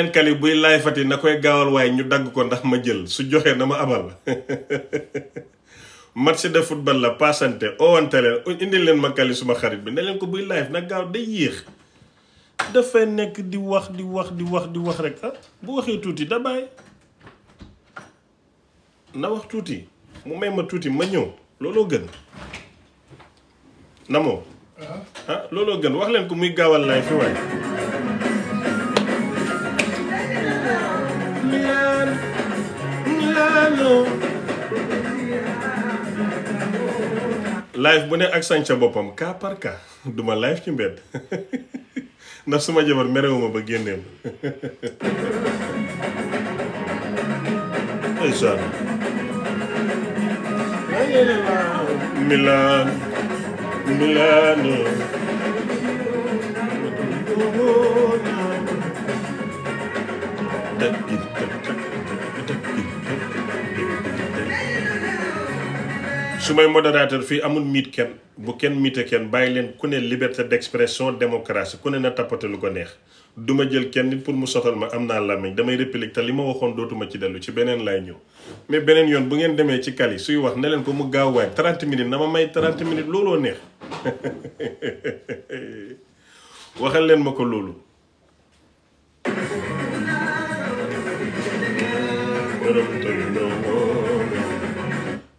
leen kali buy laay fati na koy gaawal waaye ñu dagg ko ndax ma jël su joxee na ma abal match de football la passante owante leen indil leen ma kali suma xarit bi ne leen ko buy live nag gaaw day yéex dafay nekk di wax di wax di wax di wax rek ah waxee tuuti da bàyyi na wax tuuti mu may ma tuuti ma ñëw looloo gën na moo ah. ah, looloo gën wax leen ko muy gaawal live fi waaye Milano, Milano. bu ne ak sànca boppam cas par cas duma ba génneem su may modérateur fii amul miit kenn bu kenn miite kenn bàyyi leen ku ne liberté d'expression démocratie ku ne na tappate lu ko neex du ma jël kenn nit pour mu soxal ma am naa làmmiñ damay réplique te li ma waxoon dootuma ci dellu ci beneen laay ñëw mais beneen yoon bu ngeen demee ci kal suy wax ne leen ko mu gaaw waay 30 minutes na ma may 30 minutes looloo neex waxal leen ma ko loolu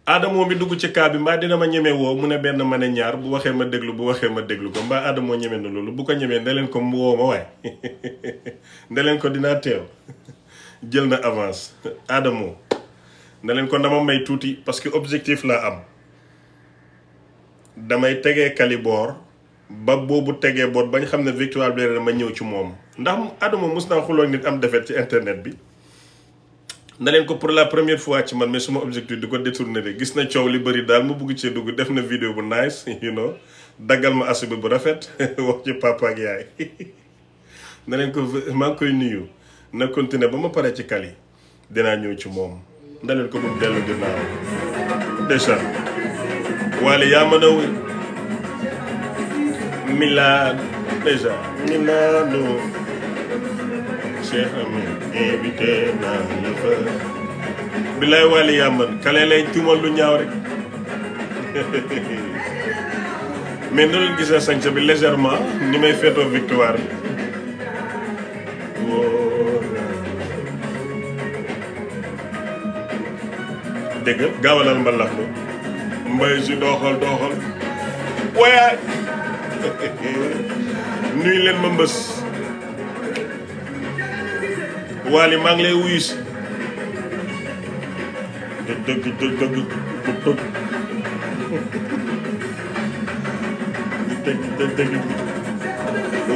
aadamoo mi dugg ci kaa bi mbaa dina ma ñeme woo mu ne benn ma ne ñaar bu waxee ma déglu bu waxee ma déglu ko mbaa aadamoo ñeme na loolu bu ko ñemee ne leen ko mu woo ma waaye ne leen ko dinaa teew jël na avance aadamoo ne leen ko ma may tuuti parce que objectif laa am damay tegee kaliboor ba boobu tegee boor bañ xam ne victoire bi ma ñëw ci moom ndax aadamoo mos naa xuloog nit am defet ci internet bi na ko pour la première fois ci man mais suma objectif di ko détourné de gis na coow li bëri daal mu bugg cee dugg def na vidéo bu nice you know daggal ma asubi bu rafet wax ci papa yaay na ko maa ngi koy nuyu na continuer ba ma pare ci kali dinaa ñëw ci moom na ko bu dellu ginnaaw déjà waale yaa mën a milaan déjà milaano Cheikh bi lay wàlli yàmban kale lay tuumal lu ñaaw rek mais na leen gisee sañse bi légèrement ni may feetoo victoire bi dégg gaawalal mbalax ma mbay si dooxal dooxal waaye nuyu leen ma mbës waali maa ngi lay wuyu si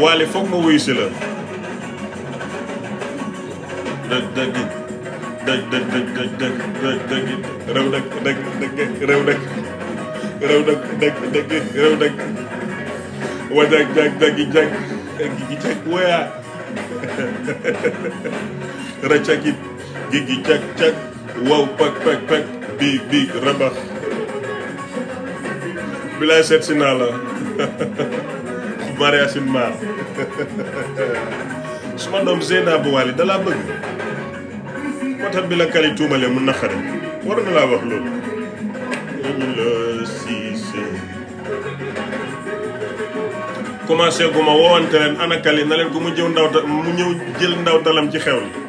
waali foog ma wuyu la dëgg dëgg dëgg dëgg dëgg dëgg dëgg dëgg racakit gigi cak-cak wow pak pak pak biig biig rabax bilaay seet si naa la mariage in maar suma doom Zeynabu Wali dalaa bëgg moo tax bi la kali tuumale mu naqare war na laa wax loolu ñu la siise commencé gu ma woowante leen na leen ko mu jëw ndaw mu ñëw jël ndaw talam ci xew li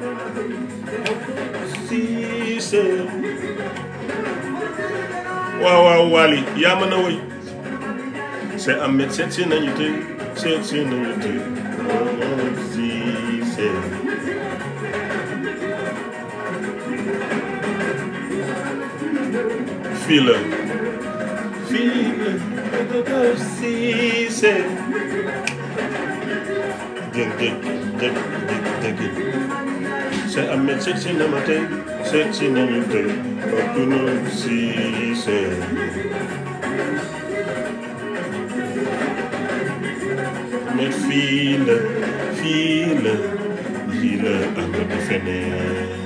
sœur waaw waaw Waly yaa mën a woy c'est Ahmed seet nañu tey seet si nañu tey moom si seet fii la fii la Cheikh Ahmed seet si na ma tey seet si nañu tey Abdou Nour Cissé mais fii la fii la lii la Ahmed di feneen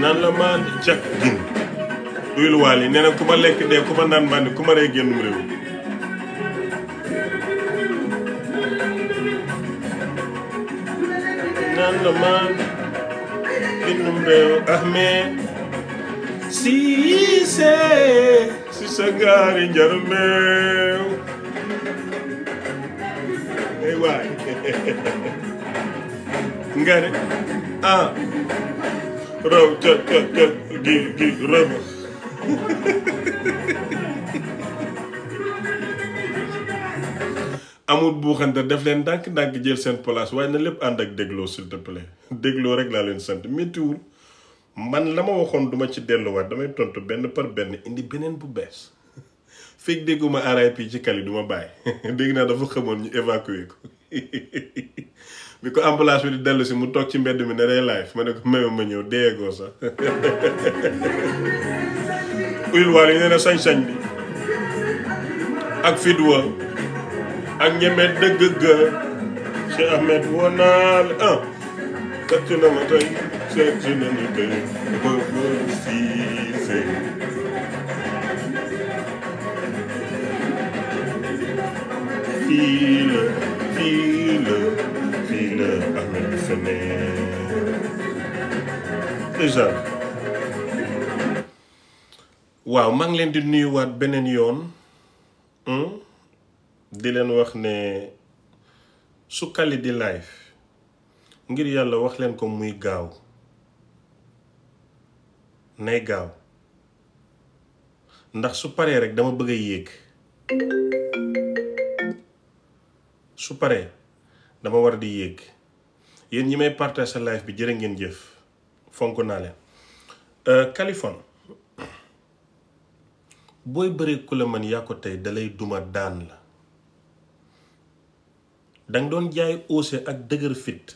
naan la ma jag gin uyul yi ne na ku ma lekk dee ku ma naan bandi ku ma rey génnum réew lendemain numbeew Ahmed Cissé si sa gaari njarmeew ay waay nga ne ah, raw ca ca ca gi gi rëma amul buuxante def leen dànk ndànk jël seen place waaye na lépp ànd ak dégloo s'il te dégloo rek laa leen sant méttiwul man la ma waxoon duma ci delluwaat damay tontu benn par benn indi beneen bu bees fekk dégguma RIP ci kali duma bàyyi dégg naa dafa xamoon ñu évacuer ko bi ko ambulance bi di dellu si mu toog ci mbedd mi ne day live ma ne ko mayoo ma ñëw déyegoo sax uyul waal yi nee na sañ-sañ bi ak fit wa ak ñeme dëgg ga Cheikh Ahmed woo naa la ah. na ma tey seet na ma tey ba ba siise fii la fii la fii la Ahmed sa déjà waaw maa leen di nuyuwaat beneen yoon. Hmm? di leen wax ne Soukaly di live ngir yàlla wax leen ko muy gaaw nay gaaw ndax su paree rek dama bëgg a yéeg su paree dama war di yéeg yéen ñi may partage sa live bi jërë ngeen jëf fonk naa leen kalifon euh, booy bëree ku la man yaa ko tey dalay duma daan la danga doon jaay ose ak dëgër fit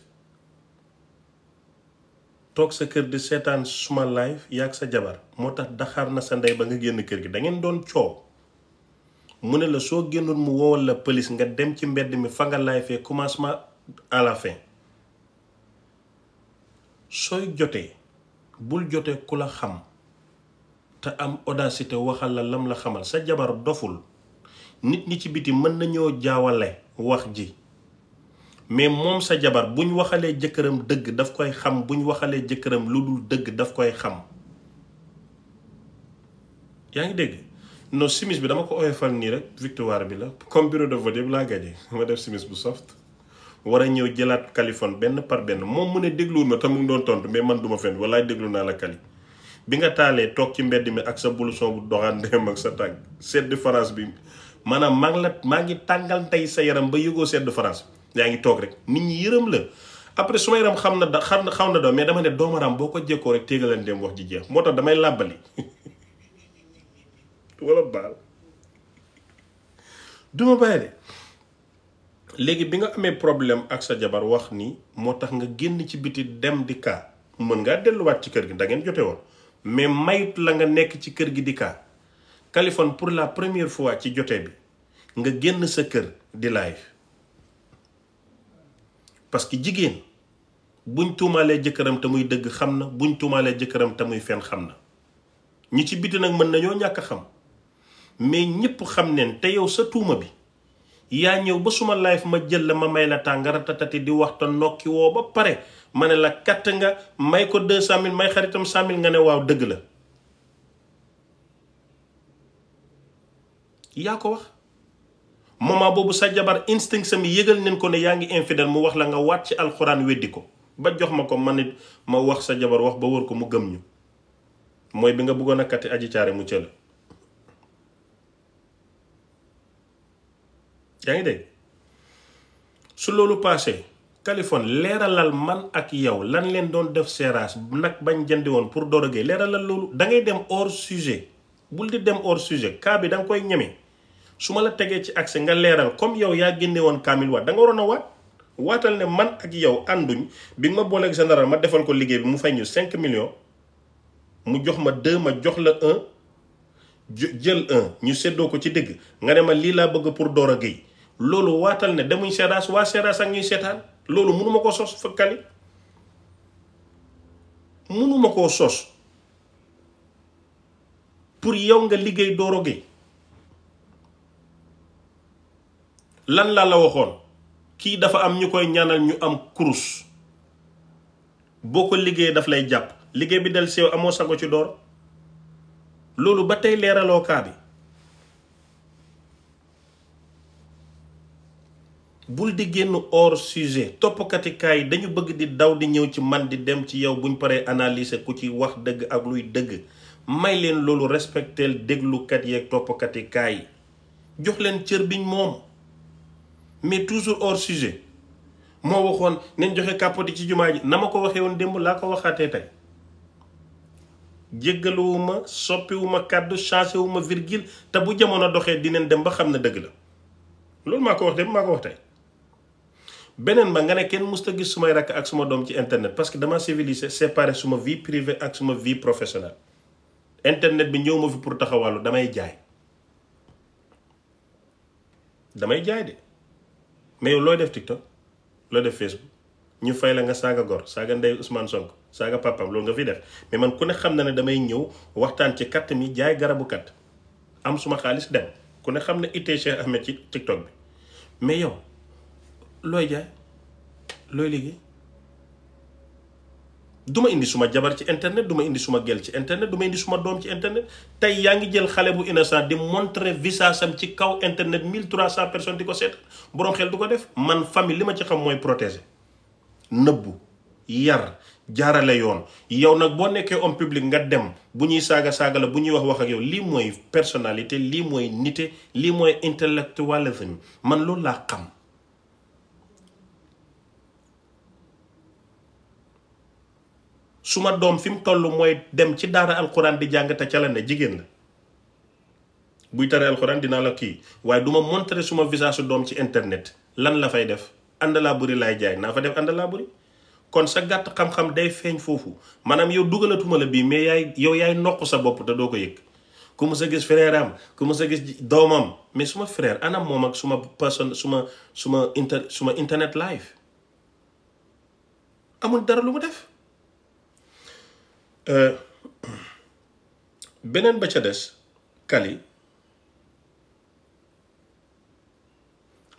toog sa kër di seetaan suma live yaag sa jabar moo tax daxaar na sa ndey ba nga génn kër gi dangeen doon coow mu ne la soo génnoon mu wowal la pëlis nga dem ci mbedd mi fa nga commencement à la fin sooy jotee bul jotee ku la xam te am audacité waxal la lam la xamal sa jabar doful nit ñi ci biti mën nañoo jaawale wax ji mais moom sa jabar buñ waxalee jëkkëram dëgg daf koy xam buñ waxalee jëkkëram lu dul dëgg daf koy xam yaa ngi dégg non simis bi dama ko oyofal nii rek victoire bi la comme bureau de vote yëpp laa gagné ma def simis bu soft war a ñëw jëlaat kalifon benn par benn moom mu ne dégluwul ma te mu ngi doon tontu mais man duma fen walaay déglu naa la kali bi nga taalee toog ci mbedd mi ak sa blouson bu doxaan ndem ak sa tànk sedd France bi maanaam maa ngi la maa ngi tàngal tey sa yaram ba yëgoo sedd France yaa ngi toog rek nit ñi yërëm la après su ma yaram xam na da xam na xaw na daw mais dama ne doomaram boo ko jekkoo rek téegaleen dem wax ji jeex moo tax damay làbbali wala duma bàyyi de léegi bi nga amee problème ak sa jabar wax ni moo tax nga génn ci biti dem di kaa mën ngaa delluwaat ci kër gi da ngeen jote woon mais mayut la nga nekk ci kër gi di kaa Kaliphone pour la première fois ci jote bi nga génn sa kër di live parce que jigéen buñ tuumaalee jëkkëram te muy dëgg xam na buñ tuumaalee jëkkëram te muy fen xam na ñi ci biti nag mën nañoo ñàkk xam mais ñëpp xam neen te yow sa tuuma bi yaa ñëw ba suma life ma jël la ma may la tàngara tatati di wax te nokki woo ba pare ma ne la katt nga may ko deux cent mille may xaritam cent mille nga ne waaw dëgg la yaa ko wax moment boobu sa jabar instinct sam yëgal nañ ko ne yaa ngi infidèle mu wax la nga wàtt ci alxuraan weddi ko ba jox ma ko man nit ma wax sa jabar wax ba wër ko mu gëm ñu mooy bi nga bëggoon a kati aji caare mu cëla yaa ngi dégg su loolu passé Kaliphone leeralal man ak yow lan leen doon def seeraas nag bañ jëndi woon pour dorogee leeralal loolu da ngay dem hors sujet bul di dem hors sujet kaa bi danga koy ñeme su ma la tegee ci accès nga leeral comme yow yaa génne woon kaamil waat da nga waroon a waat waatal ne man ak yow ànduñ bi nga ma booleeg général ma defal ko liggéey bi mu fay ñu 5 millions mu jox ma 2 ma jox la 1 jël 1 ñu séddoo ko ci dégg nga ne ma lii laa bëgg pour door a Gueye loolu waatal ne demuñ seeraas waa seeraas ak ñuy seetaan loolu mënuma ko sos fëkkali mënuma koo sos pour yow nga liggéey Dora Gueye lan laa la waxoon kii dafa am ñu koy ñaanal ñu am kurus boo ko liggéeyee daf lay jàpp liggéey bi del sew amoo sago ci door loolu ba tey leeraloo kaa bi bul di génn hors sujet toppkati yi dañu bëgg di daw di ñëw ci man di dem ci yow buñ paree analyser ku ci wax dëgg ak luy dëgg may leen loolu respecteel déglukat yeeg toppkati kaa yi jox leen cër biñ moom mais toujours hors sujet moo waxoon nañ joxe kàppati ci jumaa ji na ma ko waxee woon démb laa ko waxaatee tey jéggaluwuma soppiwuma kàddu changé wuma virgule te bu jamono doxee dinañ dem ba xam ne dëgg la loolu maa ko wax démb maa ko wax tey beneen ba nga ne kenn musta gis sumay rakk ak suma doom ci internet parce que dama civilisé séparé suma vie privée ak suma vie professionnelle internet bi ñëw ma fi pour taxawàllu damay jaay damay jaay de mais yow looy def TikTok looy def Facebook ñu fay la nga saaga gor saaga ndey Ousmane Sonko saaga papam loolu nga fiy def mais man ku ne xam na ne damay ñëw waxtaan ci katt mi jaay garabu katt am suma xaalis dem ku ne xam ne ittee Cheikh Ahmed ci TikTok bi mais yow looy jaay looy liggéey duma indi suma jabar ci internet du ma indi suma gel ci internet du indi suma doom ci internet tey yaa ngi jël xale bu innocent di montrer visage sam ci kaw internet 1300 personnes di ko seet boroom xel du ko def man famille li ma ci xam mooy protéger nëbbu yar jaarale yoon yow nag boo nekkee homme public nga dem bu ñuy saaga saaga la bu ñuy wax wax ak yow lii mooy personnalité lii mooy nité lii mooy intellectualisme man loolu laa xam su ma doom fi mu toll mooy dem ci daara alxuraan di jàng te ca la ne jigéen la buy tare alxuraan dinaa la kii waaye du ma montré suma visage su doom ci internet lan la fay def àndalaa buri laay jaay naa fa def àndalaa buri kon sa gàtt xam-xam day feeñ foofu maanaam yow dugalatuma la bii mais yaay yow yaay noq sa bopp te doo ko yëg ku mës a gis frère ku mës a gis doomam mais suma frère anam moom ak suma personne suma suma inter suma internet live amul dara lu mu def Euh, beneen ba ca des kali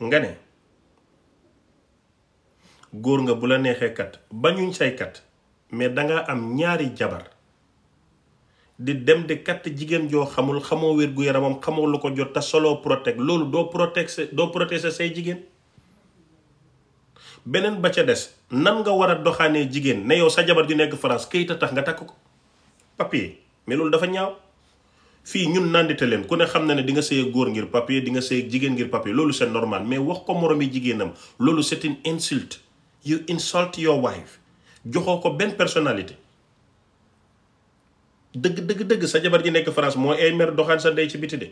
nga ne góor nga bu la neexee kat bañuñ say kat mais danga am ñaari jabar di dem di kat jigéen joo xamul xamoo wér gu yaramam xamoo lu ko jot a solo protect loolu doo protect doo protéger say jigéen beneen ba ca des nan nga war a doxaanee jigéen ne yow sa jabar ji nekk France këyit a tax nga takk ko papier mais loolu dafa ñaaw fii ñun nandite leen ku ne xam na ne di nga sëy góor ngir papier dinga nga sëy jigéen ngir papier loolu c'est normal mais wax ko moromi jigéenam loolu c'est une insulte you insult your wife joxoo ko benn personnalité dëgg dëgg dëgg sa jabar ji nekk France moo ay mer doxaan sa ndey ci biti de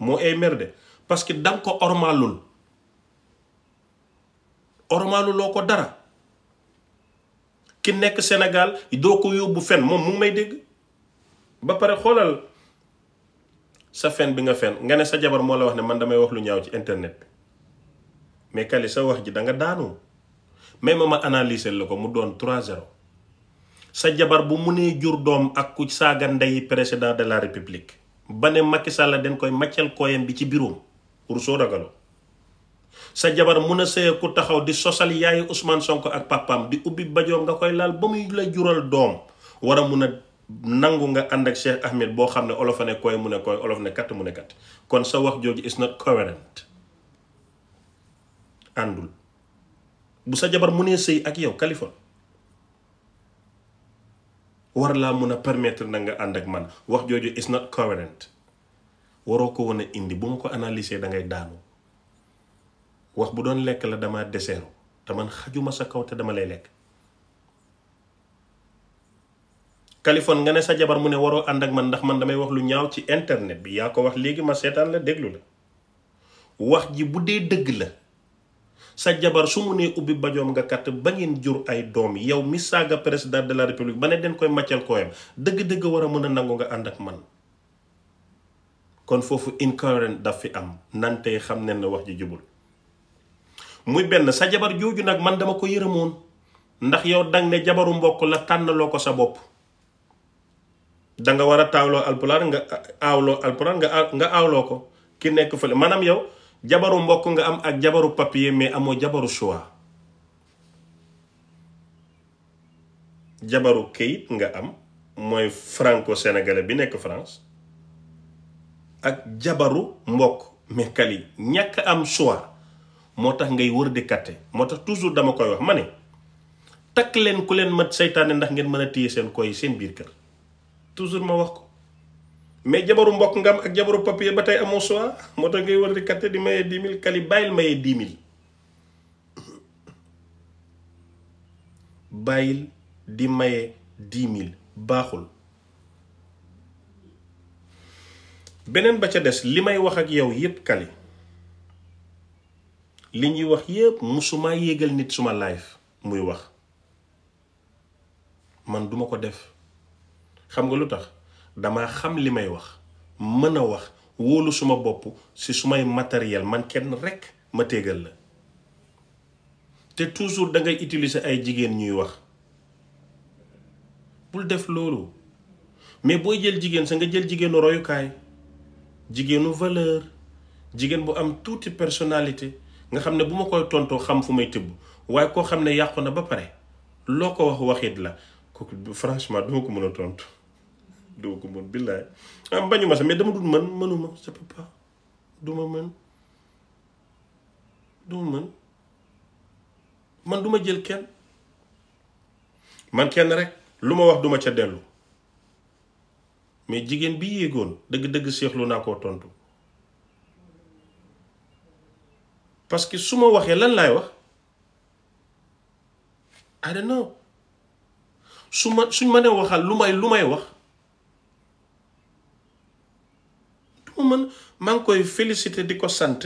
moo ay mer de parce que danga ko ormalul ormaalu loo ko dara ki nekk Sénégal doo ko yóbbu fen moom mu may dégg ba pare xoolal sa fen bi nga fen nga ne sa jabar moo la wax ne man damay wax lu ñaaw ci internet bi mais sa wax ji da nga daanoo même ma analyser la ko mu doon trois 0 sa jabar bu mu nee jur doom ak ku saaga ndeyi président de la république ba ne Macky Sall dañ koy màccal kooyam bi ci biroom pour soo ragaloo sa jabar mun a sëye ku taxaw di sosal yaayu Ousmane Sonko ak papaam di ubbi bajoom nga koy laal ba muy la jural doom war mun a nangu nga ànd ak boo xam ne olof ne koy mu ne koy ne kat mu ne kon sa wax jooju is not coherent àndul bu sa jabar mu nee sëy ak yow Kaliphone war laa mun a permettre na nga ànd ak man wax jooju is not coherent waroo ko woon indi bu ma ko analyser da ngay daanu wax bu doon lekk la dama deseeru te man xajuma sa kaw te dama lay lekk Kaliphone nga ne sa jabar mu ne waroo ànd ak man ndax man damay wax lu ñaaw ci internet bi yaa ko wax léegi ma seetaan la déglu la wax ji bu dee dëgg la sa jabar su mu nee ubbi bajoom nga kat ba ngeen jur ay doom yow mi saaga président de la république ba ne den koy màccal kooyam dëgg-dëgg war a mën a nangu nga ànd ak man kon foofu incohérent daf fi am nante xam ne wax ji jubul muy benn sa jabar jooju nag man dama ko yërëmoon ndax yow dang ne jabaru mbokk la tànnaloo ko sa bopp danga war a taawloo alpulaar nga aawloo alpulaar nga nga aawloo ko ki nekk fële maanaam yow jabaru mbokk nga am ak jabaru papier mais amoo jabaru choix jabaru kayit nga am mooy franco sénégalais bi nekk France ak jabaru mbokk mais ñekk am choix moo tax ngay wër di katte moo tax toujours dama koy wax ma ne takk leen ku leen mat seytaane ndax ngeen mën a tiye seen koy seen biir kër toujours ma wax ko mais jabaru mbokk ngam ak jabaru papier ba tey amoo choix moo tax ngay wër di katte di maye dix mille kali bàyyil maye dix mille bàyyil di maye dix mille baaxul beneen ba ca des li may wax ak yow yépp kali li ñuy wax yépp musuma yéegal nit suma live muy wax man duma ko def xam nga lu tax damaa xam li may wax mën a wax wóolu suma bopp si sumay matériel man kenn rekk ma téegal la te toujours da ngay utiliser ay jigéen ñuy wax bul def loolu mais booy jël jigéen sa nga jël jigéenu royukaay jigéenu valeur jigéen bu am tuuti personnalité nga xam ne bu ma koy tontoo xam fu may tëbb waaye koo xam ne yàqu na ba pare loo ko wax waxit la ko kooku franchement duma ko mën a tontu duma ko mën billaay ah, ma sax mais dama dul mën mënuma je peux pas duma mën duma man duma jël kenn man kenn rek lu ma wax duma ca dellu mais jigéen bi yéegoon dëgg-dëgg seexlu naa koo tontu parce que su ma waxee lan laay wax I don't know su ma suñ ma ne waxal lu may lu may wax duma mën maa ngi koy félicité di ko sant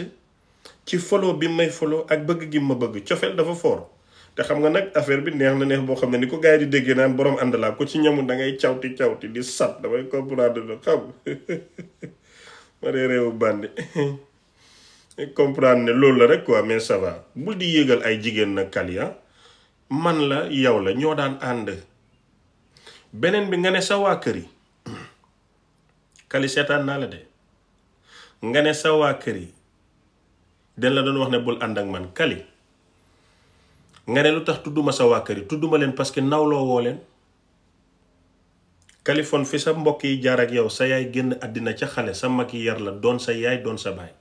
ci folo bi may folo ak bëgg gi ma bëgg cofeel dafa foor te xam nga nag affaire bi neex na neex boo xam ne ni ko gars yi di déggee naan borom ànd laa ko ci ñamu da ngay cawti cawti di sat damay comprendre xaw ma dee réewu bàndi comprendre ne loolu la rek quoi mais ça bul di yégal ay jigéen nag kali man la yow la ñoo daan ànd beneen bi nga ne sa waa kër yi kali seetaan naa la de nga ne sa waa kër yi den la doon wax ne bul ànd ak man kali nga ne lu tax tudduma sa waa kër yi tudduma leen parce que nawloo woo leen kalifon fi sa mbokk yi jaar ak yow sa yaay génn àddina ca xale sa mag yar la doon sa yaay doon sa baay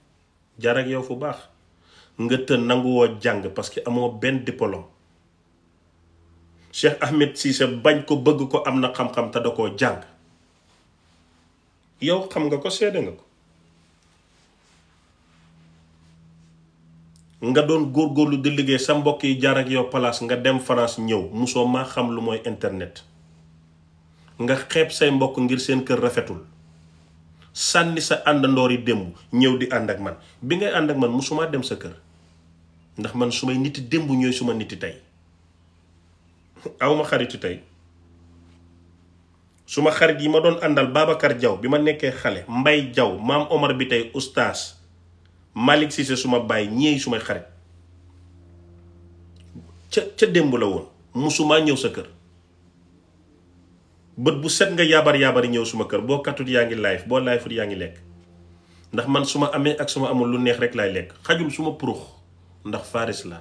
jaar yow fu baax nga të nanguwoo jàng parce que amoo benn diplôme Cheikh Ahmed Cissé bañ ko bëgg ko am na xam-xam te da koo jàng yow xam nga ko seede nga ko nga doon góor góorgóorlu di liggéey sa mbokk yi yow palaas nga dem France ñëw musoo maa xam lu mooy internet nga xeeb say mbokk ngir seen kër rafetul sànni sa àndandoor yi démb ñëw di ànd ak man bi ngay ànd ak man mosumaa dem sa kër ndax man su may niti démb ñooy suma niti tey awma xaritu tey suma xarit yi ma doon àndal Babacar Diaw bi ma nekkee xale Mbay Diaw maam Omar bi tey oustaz Malick suma baay ñeey sumay xarit ca ca démb la woon musuma ñëw sa kër bët bu set nga yaabar yaabar ñëw suma kër boo kattut yaa ngi live boo live fut yaa ngi lekk ndax man su ma amee ak su ma amul lu neex rek laay lekk xajul su ma purux ndax faris la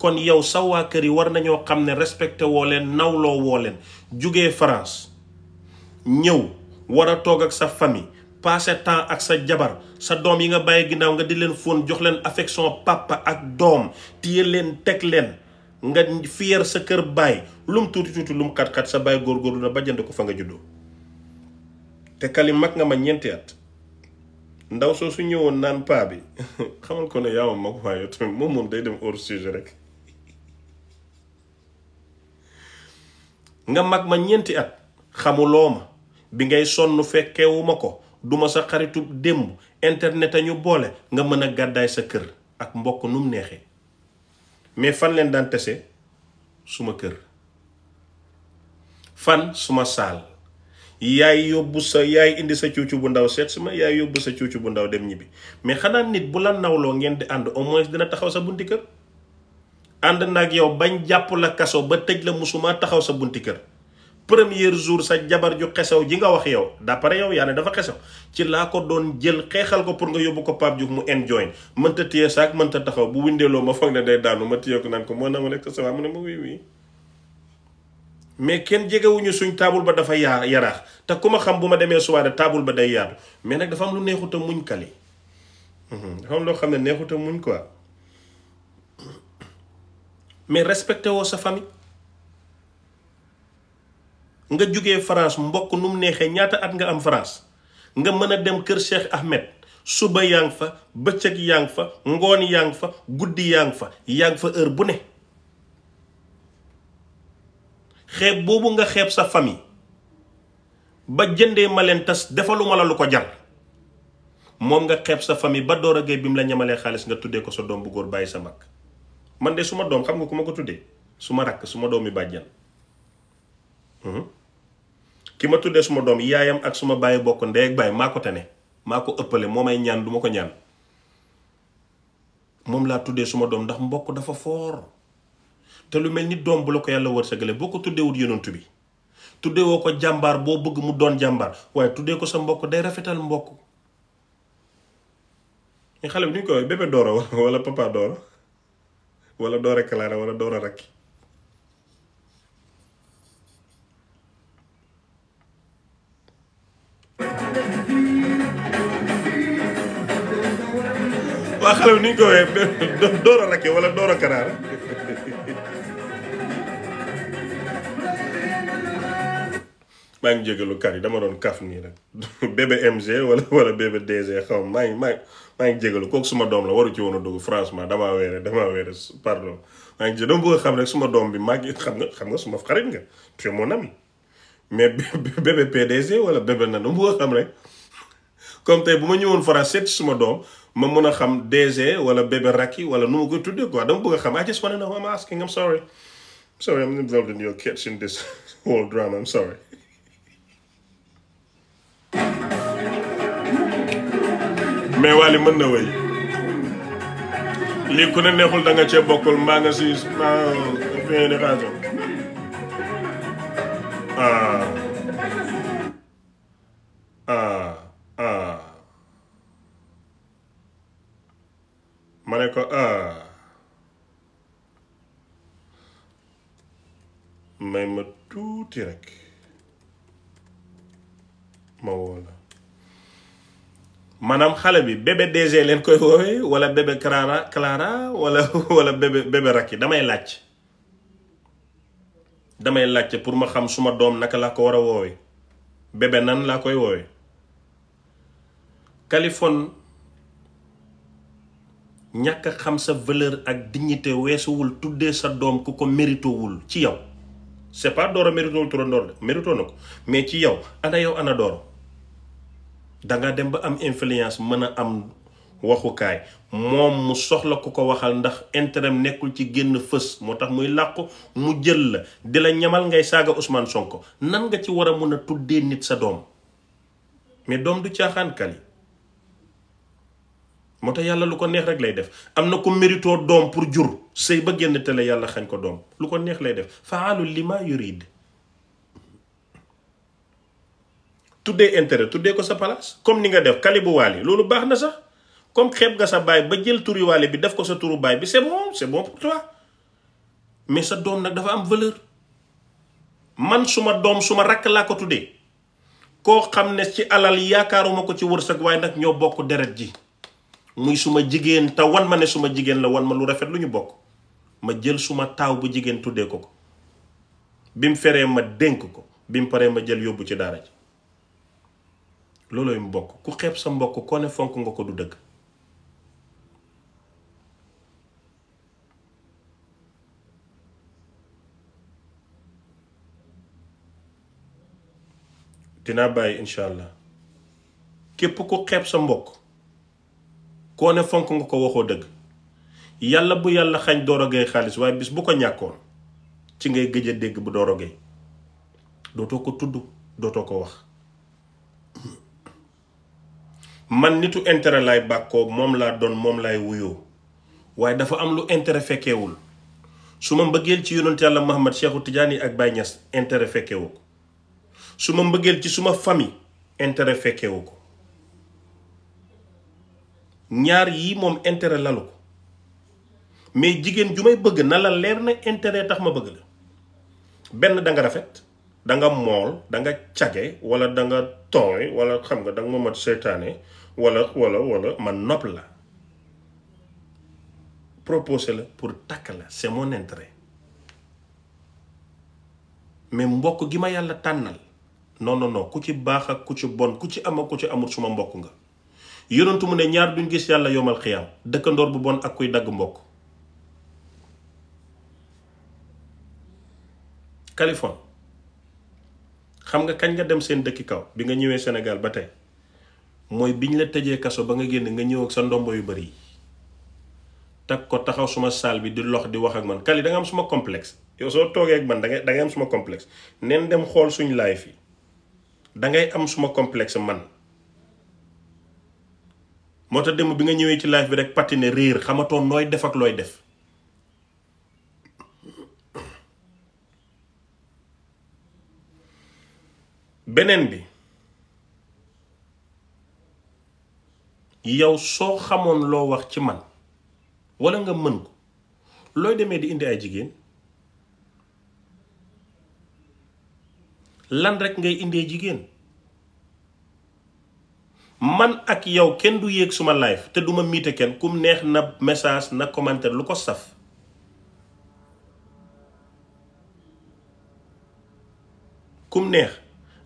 kon yow sa waa kër yi war nañoo xam ne respecté woo leen nawloo woo leen jugee France ñëw war a toog ak sa famille passé temps ak sa jabar sa doom yi nga bàyyi ginnaaw nga di leen fóon jox leen affection papa ak doom téye leen teg leen nga fier sa kër baay lu mu tuuti tuuti lu sa baay góorgóorlu na ba ko fa nga juddoo te kali mag nga ma ñeenti at ndaw soo su ñëwoon naan bi xamal ko ne yaa ma mag waaye moom moom day dem hors rek nga mag ma ñeenti at xamuloo ma bi ngay sonn fekkewuma ko duma sa xaritu démb internet a ñu boole nga mën a gàddaay sa kër ak mbokk num neexee mais fan leen daan tase suma kër fan suma saal yaay yóbbu sa yaay indi sa cuucu bu ndaw seet si ma yaay yóbbu sa cuucu bu ndaw dem ñibbi mais xanaa nit bu la nawloo ngeen di ànd au moins dina taxaw sa bunti kër ànd naag yow bañ jàpp la kaso ba tëj la musuma taxaw sa bunti kër premier jour sa jabar ju xesaw ji nga wax yow d'après yow yaa ne dafa xesaw ci laa ko doon jël xeexal ko pour nga yóbbu ko Pape Diouf mu enjoy mënta téye saak mënta taxaw bu windeeloo ma foog ne dee daanu ma téye ko naan ko moo na ma nekk ça va mu ma oui oui mais kenn jegewuñu suñ taabul ba dafa yaa yaraax te ku ma xam bu ma demee soirée taabul ba day yaatu mais nag dafa am lu neexuta muñ kali mhm. dafa am loo xam ne neexuta muñ quoi mais respecté woo sa famille nga jugee France mbokk nu mu neexee ñaata at nga am France nga mën a dem kër Cheikh Ahmed suba yaa fa bëccëg yaa fa ngoon yaa fa guddi yaa fa yaa fa heure bu ne xeeb boobu nga xeeb sa famille ba jëndee ma leen tas defaluma la lu ko jar moom nga xeeb sa famille ba door a géey bi mu la ñamalee xaalis nga tuddee ko sa doom bu góor bàyyi sa mag man de suma doom xam nga ku ma ko tuddee su ma rakk su ma doom mi bàjjan ki ma tuddee suma doom yaayam ak suma bàyyi bokk ndey ak bàyyi maa ko tane maa ko ëppale moom ay ñaan du ma ko ñaan moom laa tuddee suma doom ndax mbokk dafa foor te lu mel ni doom bu la ko yàlla wërsëgale boo ko tuddee wut yonent bi tuddee woo ko jàmbaar boo bëgg mu doon jàmbaar waaye tuddee ko sa mbokk day rafetal mbokk ñu xale bi duñ koy bébé dooro wala papa dooro wala doore kalaare wala dooro rakki waa xale bi ni ñu ko wee door a rakke wala door a kanaara maa ngi jégalu kar yi dama doon kaf nii rek bébé MG wala wala bébé DG xaw ma maa ngi maa maa ngi jégalu kooku suma doom la waru ci woon a dugg franchement damaa weere damaa weere pardon maa ngi dama bëgg a xam rek suma doom bi maa ngi xam nga xam nga suma xarit nga tu es mon mais bébé PDG wala bébé nanu mu nga xam rek comme tey bu ma ñëwoon fara seet suma doom ma mën a xam DG wala bébé Raki wala nu ma ko tuddee quoi dama bëgg a xam I just want to know I'm asking I'm sorry I'm sorry I'm involved in your kids in this whole drama I'm sorry mais Wally mën na wéy lii ku ne neexul da nga cee bokkul mbaa nga si ma fi di ah ma ne ko ah may ma tuuti rek ma woo la maanaam xale bi bébé DG leen koy woowee wala bébé Clara Clara wala wala bébé bébé Racky damay laaj. damay laajte pour ma xam suma doom naka laa ko war a woowe bebe nan laa koy woowe kalifon ñàkk xam sa valeur ak dignité weesuwul tuddee sa doom ku ko méritowul ci yow c'est pas Doro méritowul turandoor de mérito na ko mais ci yow ana yow ana Doro danga dem ba am influence mën a am waxukaay moom mu soxla ku ko waxal ndax intérêt nekkul ci génn fës moo tax muy làqu mu jël la di la ñamal ngay saaga Ousmane Sonko nan nga ci war a mun a tuddee nit sa doom mais doom du caaxaan kali moo tax yàlla lu ko neex rek lay def am na ko méritoo doom pour jur sëy ba génn télé yàlla xañ ko doom lu ko neex lay def faalul lima yurid tuddee intérêt tuddee ko sa palaas comme ni nga def kali bu waali loolu baax na sax comme xeeb nga sa baay ba jël turiwaale bi def ko sa turu baay bi c'est bon c'est bon pour toi mais sa doom nag dafa am valeur man suma doom suma rakk laa ko tuddee koo xam ne ci alal yaakaaruma ko ci wërsëg waaye nag ñoo bokk deret ji muy suma jigéen te wan ma ne suma jigéen la wan ma lu rafet lu ñu bokk ma jël suma taaw bu jigéen tuddee ko ko bi mu feree ma dénk ko bi mu paree ma jël yóbbu ci daara ji loolooy mu bokk ku xeeb sa mbokk ko ne fonk nga ko du dëgg dinaa bàyyi incha allah képp ku xeeb sa mbokk koo ne fonk nga ko waxoo dëgg yàlla bu yàlla xañ Doro Gaye xaalis waaye bis bu ko ñàkkoon ci ngay gëj dégg bu Doro Gaye dootoo ko tudd dootoo ko wax man nitu intérêt laay bàkkoo moom laa doon moom laay wuyoo waaye dafa am lu intere fekkeewul su ma mbëggeel ci yonent yàlla Muhammad Cheikhu Tidiane ak Baye intere fekkewu ko su ma mbëggeel ci suma famille intérêt fekkewu ko ñaar yii moom intérêt lalu ko mais jigéen ju may bëgg na la leer na intérêt tax ma bëgg la benn da nga rafet da nga mool da nga cage wala da nga wala xam nga danga ma mat seytaane wala wala wala man nopp la proposé la pour takk la c'est mon intérêt mais mbokk gi ma yàlla tànnal noonu non ku ci baax ak ku ci bon ku ci am ku ci amul suma mbokk nga yonentu mu ne ñaar duñ gis yàlla yomal xiyaam dëkkandoor bu bon ak kuy dagg mbokk Californie xam nga kañ nga dem seen dëkki kaw bi nga ñëwee senegal ba tey mooy bi ñu la tëjee kaso ba nga génn nga ñëw ak sa ndombo yu bari yi tag ko taxaw suma saal bi di lox di wax ak man Kali da am suma complexe yow soo toogee ak man da nga da nga am suma complexe neen dem xool suñu live yi da ngay am suma complexe man moo tax démb bi nga ñëwee ci live bi rek patine réer xamatoon nooy def ak looy def beneen bi yow soo xamoon loo wax ci man walla nga mën ko looy demee di indi ay jigéen lan rek ngay indee jigéen man ak yow kenn du yéeg suma live te duma miite kenn kum neex na message na commentaire lu ko saf kum neex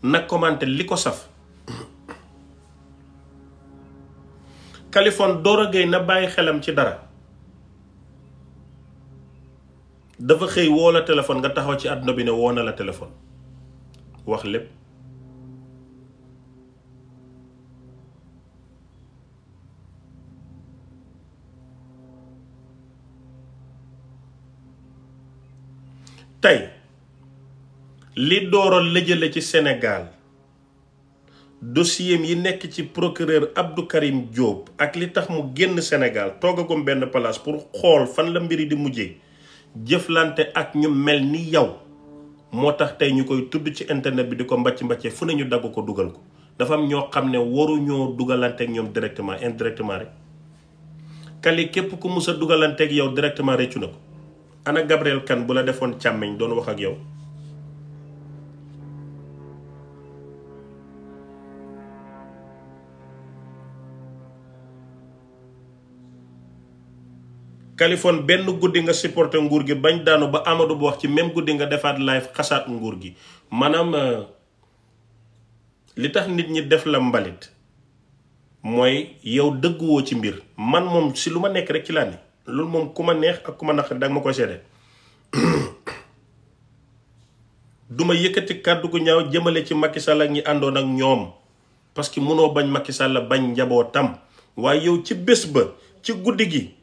na commentaire li ko saf Kaliphone Doro Gueye na bàyyi xelam ci dara dafa xëy woo la téléphone nga taxaw ci àdduna bi ne woo na la téléphone lépp tey li dooro lëjale ci Sénégal dossier yi nekk ci procureur Abdou Karim ak li tax mu génn Sénégal toogagum benn place pour xool fan la mbiri di mujjee jëflante ak ñu mel ni yow moo tax tey ñu koy tudd ci internet bi di ko mbàcc mbàccee fu ne ñu dagg ko dugal ko dafa am ñoo xam ne waruñoo dugalanteeg ñoom directement indirectement rek Kali képp ku mus a dugalanteeg yow directement réccu na ko ana Gabriel Kane bu la defoon càmmiñ doon wax ak yow Kaliphone benn guddi nga supporté nguur gi bañ daanu ba amadu Ba wax ci même guddi nga defaat live xasaat nguur gi maanaam euh, li tax nit ñi def la mbalit mooy yow dëgguwoo ci mbir man moom si lu ma nekk rek ci laa ne loolu moom ku ma neex ak ku ma naq danga ma koy seede duma yëkkati kàddu gu ñaaw jëmale ci Macky Sall ak àndoon ak ñoom parce que mënoo bañ Macky Sall bañ njabootam waaye yow ci bés ba ci guddi gi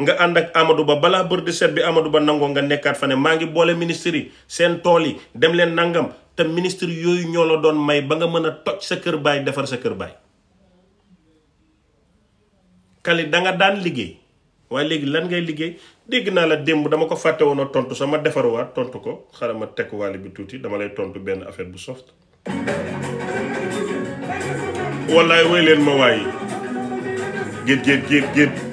nga ànd ak Amadou Ba balaa bër di set bi Amadou Ba nangoo nga nekkaat fa ne maa ngi boole ministres seen tool yi dem leen nangam te ministre yooyu ñoo la doon may ba nga mën a toj sa kër baay defar sa kër baay. Kali danga daan liggéey waaye léegi lan ngay liggéey dégg naa la démb dama ko fàtte woon a tontu sama defaruwaat tontu ko xaaral ma teg waale bi tuuti dama lay tontu benn affaire bu soft. wallaay woy leen ma waayi. géej géej géej géej.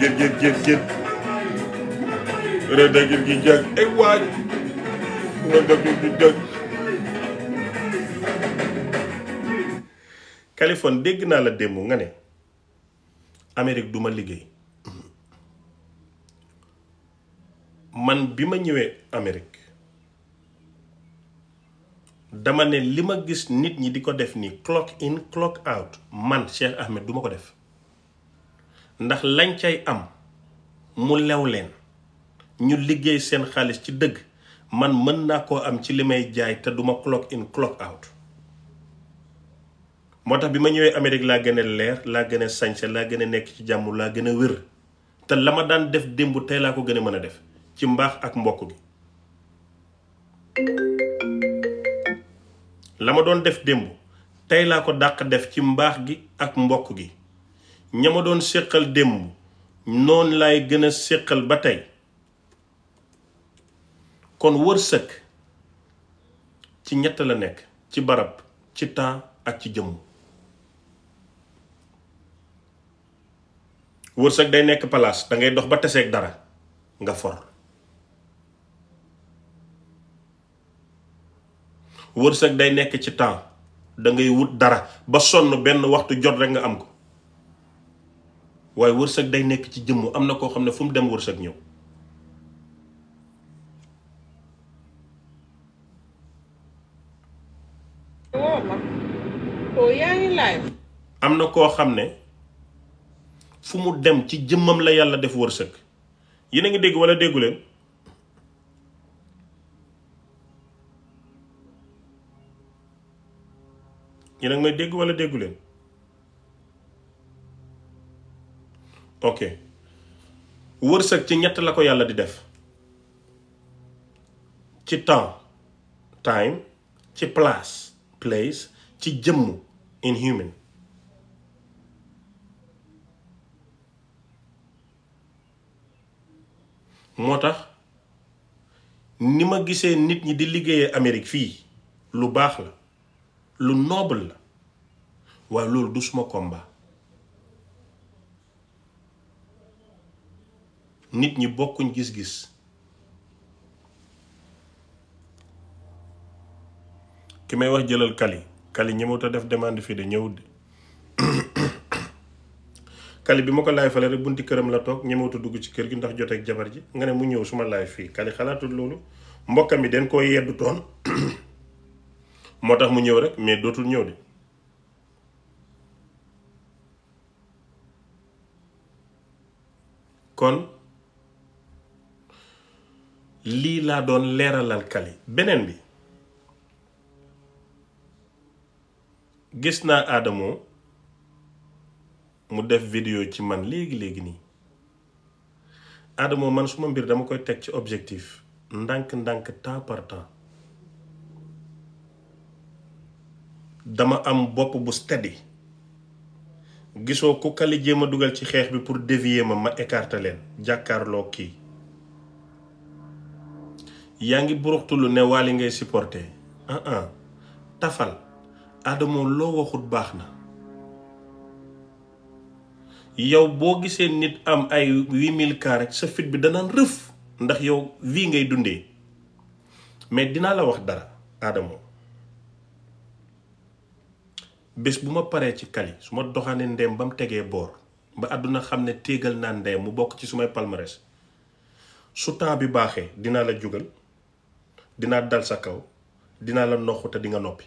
gir gir gir gir rëdd gir gi jag ay waay rëdd gir gi dégg naa la démb nga ne Amérique duma liggéey man bi ma ñëwee Amérique dama ne li ma gis nit ñi di ko def nii clock in clock out man Cheikh Ahmed duma ko def ndax lañ cay am mu lew leen ñu liggéey seen xaalis ci dëgg man mën naa koo am ci li may jaay te duma clock in clock out moo tax bi ma ñëwee amerig laa gën a leer laa gën a sañse laa gën a nekk ci jàmm laa gën a wér te la ma daan def démb tey laa ko gën a mën a def ci mbaax ak mbokk gi la ma doon def démb tey laa ko dàq def ci mbaax gi ak mbokk gi ñama doon séqal démb noon lay gën a séqal ba tey kon wërsëg ci ñett la nekk ci barab ci temps ak ci jëmm wërsëg day nekk palaas da ngay dox ba teseeg dara nga for wërsëg day nekk ci temps da ngay wut dara ba sonn benn waxtu jot rekk nga am ko waaye wërsëg day nekk ci jëmm am na koo xam ne fu mu dem wërsëg ñëw am na koo xam ne fu mu dem ci jëmmam la yàlla def wërsëg yéen a ngi dégg wala déggu leen yéen a ngi dégg wala déggu ok wërsëg ci ñett la ko yàlla di def ci temps time ci place place ci jëmm in moo tax ni ma gisee nit ñi di liggéeyee amerig fii lu baax la lu noble la waaye loolu du suma combat nit ñi bokkuñ gis-gis ki may wax jëlal kali kali ñëwut a def demande fii de ñëwut de kali bi ma ko laay fale rek bunti këram la toog ñëwut dugg ci kër gi ndax joteeg jabar ji nga ne mu ñëw suma laay fii kali xalaatul loolu mbokkam mi den koy yeddu toon moo tax mu ñëw rek mais dootul ñëw de kon lii laa doon leeralal kali beneen bi gis naa Adamo mu def vidéo ci man léegi-léegi nii Adamo man suma mbir dama koy teg ci objectif ndànk-ndànk temps par temps dama am bopp bu steady gisoo ku kali jéem a dugal ci xeex bi pour dévier ma ma écarter leen jàkkaarloo kii yaa ngi buruxtulu ne waali ngay supporté ah ah tafal Adamo loo waxut baax na yow boo gisee nit am ay huit mille cas rek sa fit bi danaan rëf ndax yow wii ngay dundee mais dinaa la wax dara Adamo bés bu ma paree ci kali su ma doxaanee ndeem ba mu tegee boor ba àdduna xam ne téegal naa ndeem mu bokk ci sumay palmarès su temps bi baaxee dinaa la jógal dinaa dal sa kaw dinaa la noxu te di nga noppi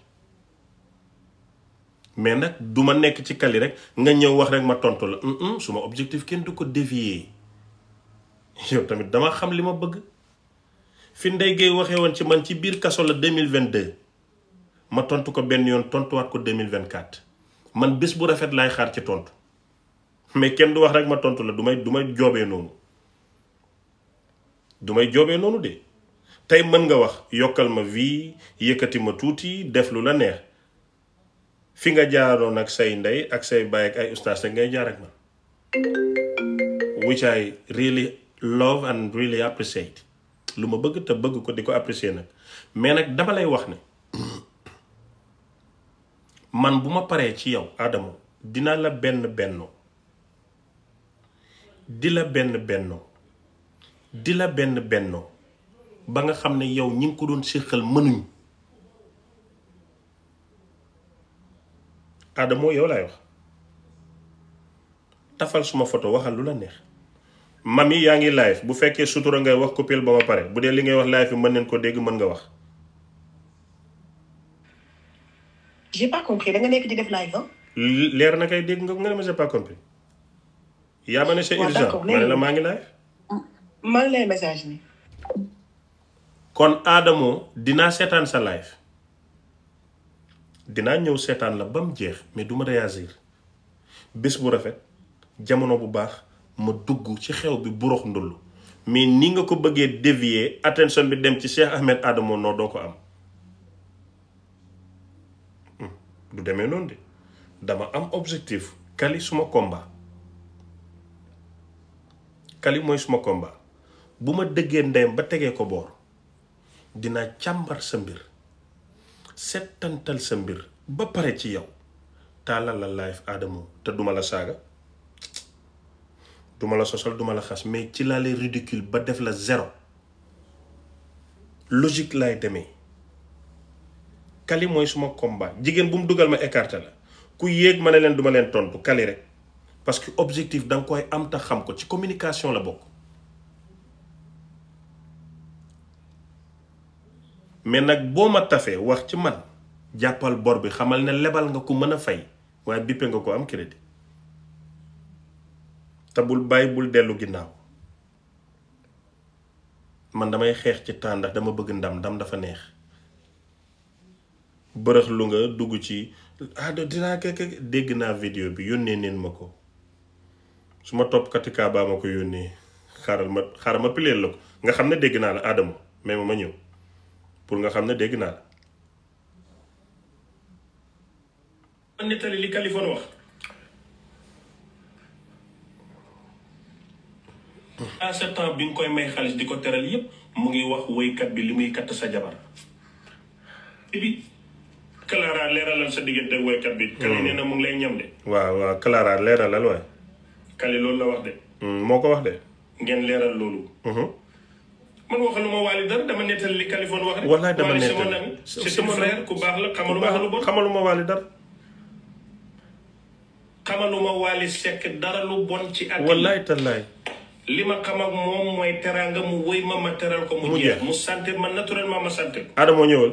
mais nag duma nekk ci kali rek nga ñëw wax rek ma tontu la su ma objectif kenn du ko dévier yow tamit dama xam li ma bëgg fi Ndeye waxee woon ci man ci biir kaso la 2022 ma tontu ko benn yoon tontuwaat ko 2024 man bés bu rafet laay xaar ci tontu mais kenn du wax rek ma tontu la du may du may joobee noonu du may joobee noonu de. tey mën nga wax yokkal ma vie yëkkati ma tuuti def lu la neex fi nga jaaroon ak say ndey ak say baay ak ay ustaas rek ngay jaar ak man which I really love and really appreciate lu ma bëgg te bëgg ko di ko apprécier nag mais nag dama lay wax ne man bu ma paree ci yow aadama dina la benn bennoo di la benn bennoo di la benn bennoo ba nga xam ne yow ñi ngi ko doon séqal mënuñ Adamo yow laay wax tafal suma photo waxal lu la neex mami yaa ngi live bu fekkee sutura ngay wax coupeel ba ma pare bu dee li ngay wax live bi mën neen ko dégg mën nga wax j'ai pas nga nekk def live leer na kay dégg nga nga ne ma j'ai pas compris yaa ma ne maa ngi live maa ngi lay message ni kon Adamo dinaa seetaan sa live dinaa ñëw seetaan la ba mu jeex mais du ma réagir bés bu rafet jamono bu baax ma dugg ci xew bi burox ndullu mais ni nga ko bëggee dévier attention bi dem ci Cheikh Ahmed Adamo doo ko am hmm, du demee noonu de dama am objectif kali suma combat kali mooy suma komba bu ma dëggee ndeyam ba tegee ko boor dina càmbar sa mbir settantal sa mbir ba pare ci yow taalal la live Adamo te duma la saaga duma la sosal duma la xas mais ci laa lay ridicule ba def la zéro logique laay demee kali mooy suma combat jigéen bu mu dugal ma écarté la ku yéeg ma ne leen duma leen tontu kali rek parce que objectif danga koy am ta xam ko ci communication la bokk mais nag boo ma tafee wax ci man jàppal bor bi xamal ne lebal nga ko mën a fay waaye bippe nga ko am crédit tabul bul bàyyi bul dellu ginnaaw man damay xeex ci temps ndax dama bëgg ndam ndam dafa neex bërëx lu nga dugg ci ah dinaa kekk dégg naa vidéo bi yónnee neen ma ko su ma topp katikaa baa yónnee xaaral ma xaaral ma pileel la ko nga xam ne dégg naa la aadama mais ma ma ñëw pour nga xam ne dégg naa la nettali li Kaliphone wax à ce temps bi nga koy may xaalis di ko teral yépp mu ngi wax woykat bi li muy katt sa jabar et puis leeralal sa diggante woykat bi Kali hmm. nee na mu lay ñam de waaw waaw Clara leeralal waay Kali la wax de hmm, moo ko wax de ngeen leeral loolu hmm. man waxaluma waali dara dama nettali li Californie wax rek. wallaay dama nettali waali sama nami. c'est sama frère ku baax la xamaluma lu bon xamaluma waali dara. xamaluma dara lu bon ci at. wallaay tallaay. li ma xam ak moom mooy teraanga mu wéy ma ma teral ko. mu jeex mu sant ma naturellement ma sant ko. Adama ñëwal.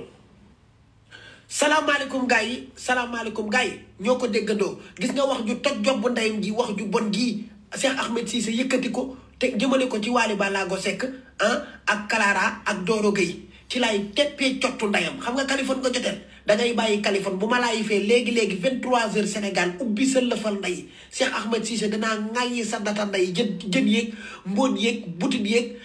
salaamaaleykum gars yi salaamaaleykum gaa yi ñoo ko déggandoo gis nga wax ju toj job bu ndeyam wax ju bon gii Cheikh Ahmed Cissé yëkkati ko. te jëmale ko ci Waly Ballago Seck ah ak kalaara ak dooro Gueye ci laay teppee cottu ndeyam xam nga Kaliphone nga joteel dangay bàyyi Kaliphone bu ma laa yifee léegi léegi 23h Sénégal ubbi sa lëfal nday Cheikh Ahmed Cissé danaa ŋàyyi sa data nday jën jën yéeg mbóot yeeg butit yéeg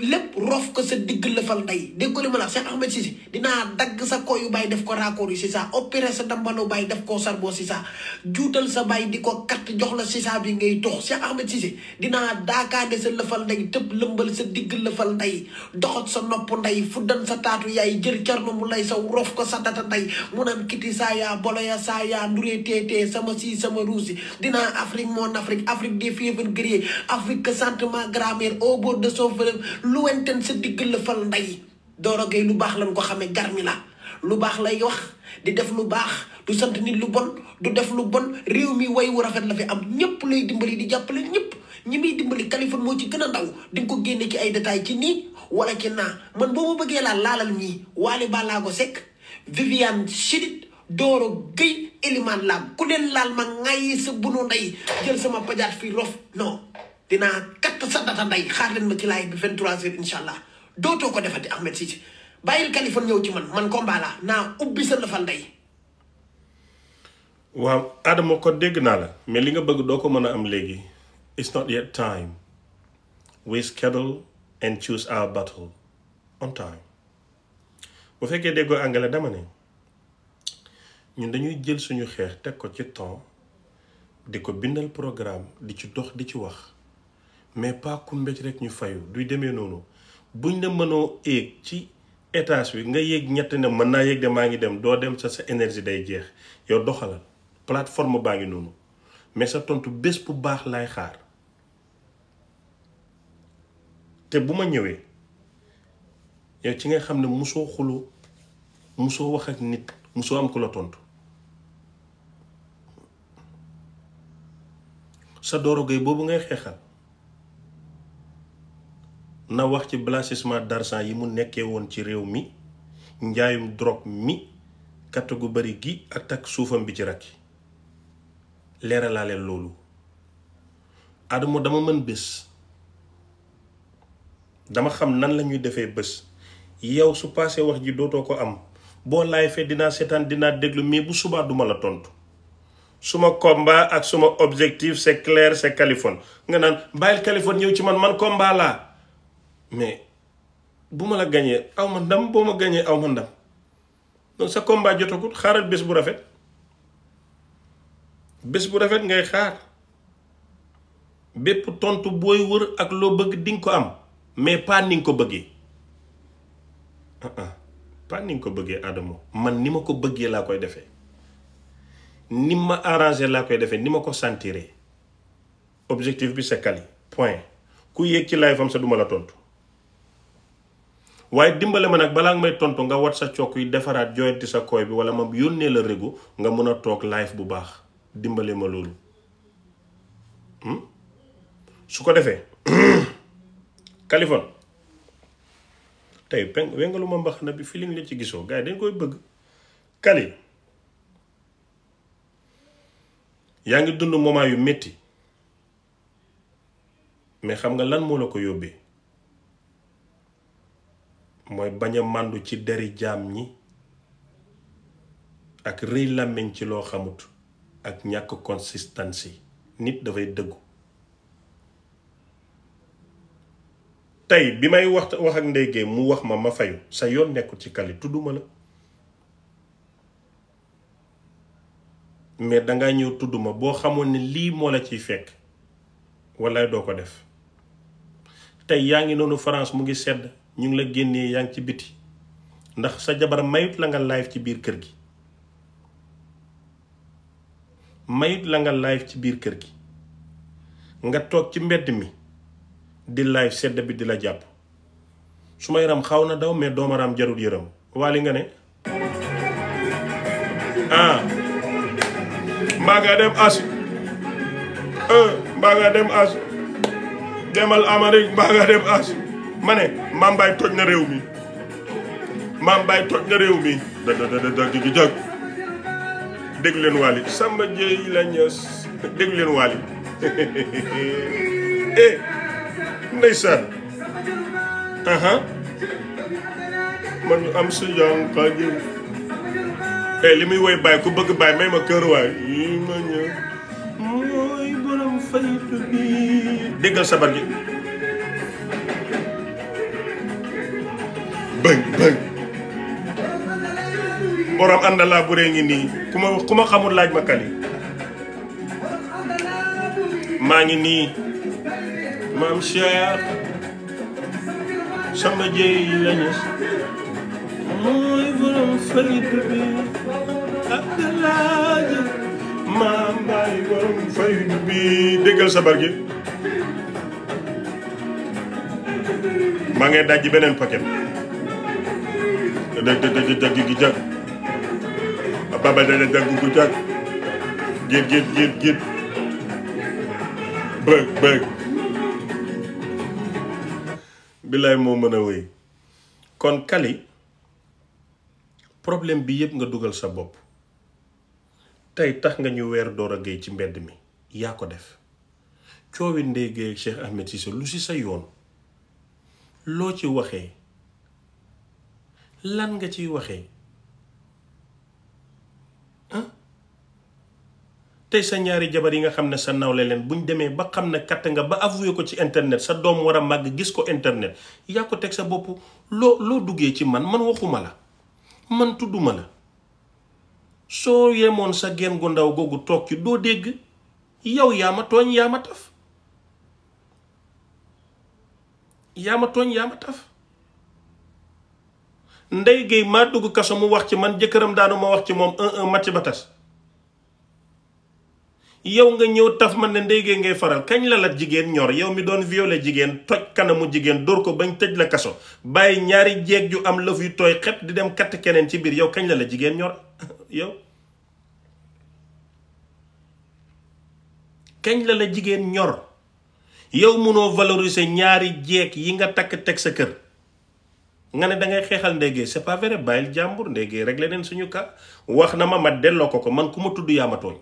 lépp rof ko sa digg lëfal tey dégg li ma la Cheikh Ahmed Cissé dinaa dagg sa koyu baay def ko raccord yi si saa opéré sa dambano baay def ko sarbo si sa di ko kat jox la si saa bi ngay tox Cheikh Ahmed Cissé dinaa daakaande sa lëfal ndey tëb lëmbal sa digg lëfal ndey doxat sa nopp ndey fuddan sa taatu yaay jër carno mu lay saw rof ko sa data ndey mu naan kiti saa yaa bolo ya saa yaa nduree teetee sama sii sama ruusi dinaa Afrique mon Afrique Afrique des fièvres guerriers Afrique que sentiment grammaire lu wenten sa digg la fal ndey dooro Gaye lu baax lañ ko xamee garmi la lu baax lay wax di def lu baax du sant nit lu bon du def lu bon réew mi way wu rafet la fi am ñëpp lay dimbali di jàppale ñëpp ñi muy dimbali Kaliphone moo ci gën a ndaw di ko génne ci ay détails ci nii wala ci naa man boo ma bëggee laal laalal ñii Waly Ballago sekk Viviane Chidid Doro Gaye Elimane Lam ku leen laal ma ŋayi sa bunu ndey jël sama pajaat fi rof non dinaa katt sa data nday xaar leen ma ci live bi 23h incha allah dootoo ko defati Ahmed Cissé bàyyil Kaliphone ñëw ci man man combat laa naa ubbi sa lëfal nday waaw Adama ko dégg naa la mais li nga bëgg doo ko mën a am léegi it's not yet time we schedule and choose our battle on time bu fekkee déggoo angale dama ne ñun dañuy jël suñu xeex teg ko ci temps di ko bindal programme di ci dox di ci wax mais pas kumbéj rekk ñu fayu duy demee noonu buñ la mënoo éeg ci étage bi nga yéeg ñett ne mën naa yéeg de maa ngi dem doo dem sa sa énergie day jeex yow doxalal plateforme baa ngi noonu mais sa tontu bés bu baax laay xaar te bu ma ñëwee yow ci nga xam ne musoo xuloo musoo wax ak nit musoo am ku la tontu sa dooro géey boobu ngay xeexal na wax ci blanchissement d'argent yi mu nekkee woon ci réew mi njaayum drop mi katt gu bari gi ak takk suufam bi ci rakki leeralaale loolu adama dama mën bés dama xam nan la ñuy defee bés yow su paasee wax ji dootoo ko am boo laay fee dinaa seetaan dinaa déglu mii bu subaa duma la tontu suma komba ak suma objectif c'est clair c'est Kaliphone nga naan bàyyil Kaliphone ñëw ci man man combat mais bu ma la gañee aw ma ndam boo ma gañee aw ma ndam donc sa combat jotagut xaaral bés bu rafet bés bu rafet ngay xaar bépp tontu booy wër ak loo bëgg dinga ko am mais pas ni nga ko bëggee ah ah ni nga ko bëggee Adamo man ni ma ko bëggee laa koy defee ni ma arrangé laa koy defee ni ma ko sentiree objectif bi c'est Kali point ku yéeg ci live am sa duma la tontu waaye dimbale ma nag balaa nga may tontu nga wat sa cokk yi defaraat joyanti sa koy bi wala ma yónnee la régu nga mën a toog live bu baax dimbale ma loolu hmm? su ko defee Kaliphone tey pen wengalu ma mbax na bi feeling la ci gisoo gars dañ koy bëgg Kali yaa ngi dund moment yu metti mais xam nga lan moo la ko yóbbee mooy bañ a màndu ci deri jaam ñi ak rëy làmmiñ ci loo xamut ak ñàkk consistancy nit dafay dëggu tey bi may wax wax ak ndéygee mu wax ma ma fayu sa yoon nekkul ci kali tudduma la mais danga ñëw tudduma boo xamoon ni lii moo la ciy fekk wallaay doo ko def tey yaa ngi noonu France mu ngi sedd ñu ngi la génnee yaa ngi ci biti ndax sa jabar mayut la nga live ci biir kër gi mayut la nga ci biir kër gi nga toog ci mbedd mi di live sedd bi di la jàpp su ma yaram xaw na daw mais doomaraam jarul yëram waa li nga ne ah mbaa nga dem as eh, mbaa nga dem as demal amari mbaa nga dem as ma ne Mame Mbaye na réew mi Mame Mbaye toj na réew mi da da da da jigi jag dégg leen Wally Samba Dieye la dégg leen Wally eh ndeysaan aha man ñu am si jànka jëm eh li muy woy bàyyi ku bëgg bàyyi may ma kër waay yi ma ñëw mooy borom faytu bi déggal sabar gi bëng bëng borom ànd bu ree ngi nii ku ma ku ma xamul laaj ma kali maa ngi nii maam Cheikh sama jéey yi mooy borom farid bi Abdalaaji maam baay borom farid bi déggal sabar gi maa ngi dajji beneen paquet jag baba dana jag gu jag gir gir gir gir bëgg bëgg bilaay moo mën a wéy kon Kali problème bi yëpp nga dugal sa bopp tey tax nga ñu weer Doro Gueye ci mbedd mi yaa ko def coowi Ndeye Gueye ak Cheikh Ahmed Cissé lu si sa yoon loo ci waxee lan nga ciy waxee ah tey sa ñaari jabar yi nga xam ne sa nawle leen buñ demee ba xam ne katt nga ba avoué ko ci internet sa doom war a màgg gis ko internet yaa ko teg sa bopp loo loo duggee ci man man waxuma la man tudduma la soo yemoon sa gen gu ndaw googu toog ci doo dégg yow yaa ma tooñ yaa ma taf yaa ma tooñ yaa ma taf Ndeye Gueye maa dugg kaso mu wax ci man jëkkëram daanu ma wax ci moom un un match ba tas yow nga ñëw taf man ne Ndeye Gueye ngay faral kañ la la jigéen ñor yow mi doon violé jigéen toj kanamu jigéen dóor ko bañ tëj la kaso bàyyi ñaari jeeg ju am lëf di dem keneen ci biir yow kañ la la jigéen ñor yow kañ la la jigéen ñor yow mënoo valoriser ñaari jeeg yi nga takk teg sa kër nga ne dangay xeexal ndéggee c'est pas vrai bàyyil jàmbur ndéggee rek leneen suñu ka wax na ma ma delloo ko ko man ku ma tudd yaa ma tooñ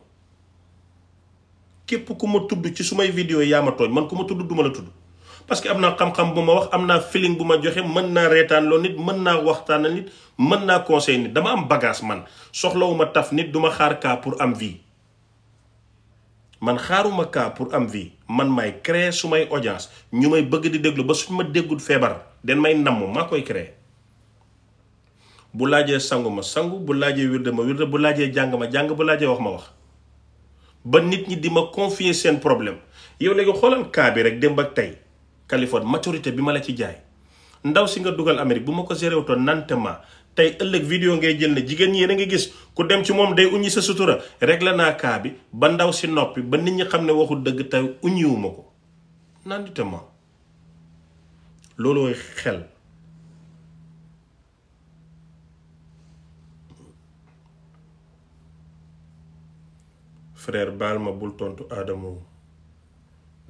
képp ku ma tudd ci sumay video yaa ma tooñ man ku ma tudd duma la tudd parce que am na xam-xam bu ma wax am naa feeling bu ma joxe mën naa reetaan loo nit mën naa waxtaan waxtaanal nit mën naa conseil nit dama am bagage man soxlawuma taf nit duma xaar kaa pour am vie man xaaruma kaa pour am vie man may créer sumay audience ñu may bëgg di déglu ba suñ ma déggul feebar den may namm maa koy créer bu laajee sangu ma sangu bu laajee wirde ma wirde bu laajee jàng ma jàng bu laajee wax ma wax ba nit ñi di ma confier seen problème yow léegi xoolal kaa bi rek démb ak tey Californie maturité bi ma la ci jaay ndaw si nga dugal Amérique bu ma ko géré wutoon nantement tey ëllëg vidéo ngay jël ne jigéen ñi yéen a ngi gis ku dem ci moom day uññi sa sutura réglé naa kaa bi ba ndaw si noppi ba nit ñi xam ne waxul dëgg tey uññiwuma ko nantement loolooy xel frère baal ma bul tontu Adamo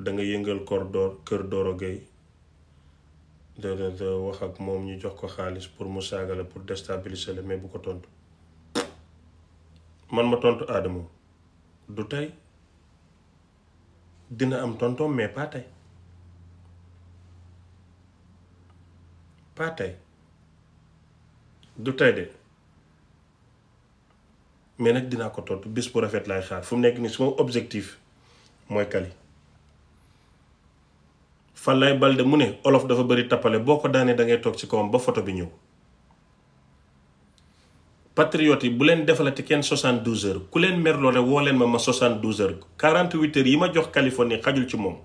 da nga yëngal kor door kër Doro Gueye de de de wax ak moom ñu jox ko xaalis pour mu saaga la pour déstabiliser la mais bu ko tontu man ma tontu Adamo du tey dina am tontoom mais pas tey pas tey du tey de mais nag dinaa ko tontu bés bu rafet laay xaar fu mu nekk nii suma objectif mooy Kali Falaye Balde mu ne olof dafa bëri tappale boo ko daanee da ngay toog ci kawam ba photo bi ñëw patriote yi bu leen defalati kenn 72 heures ku leen merloo rek woo leen ma ma 72 heures 48 heures yi ma jox Californie xajul ci moom.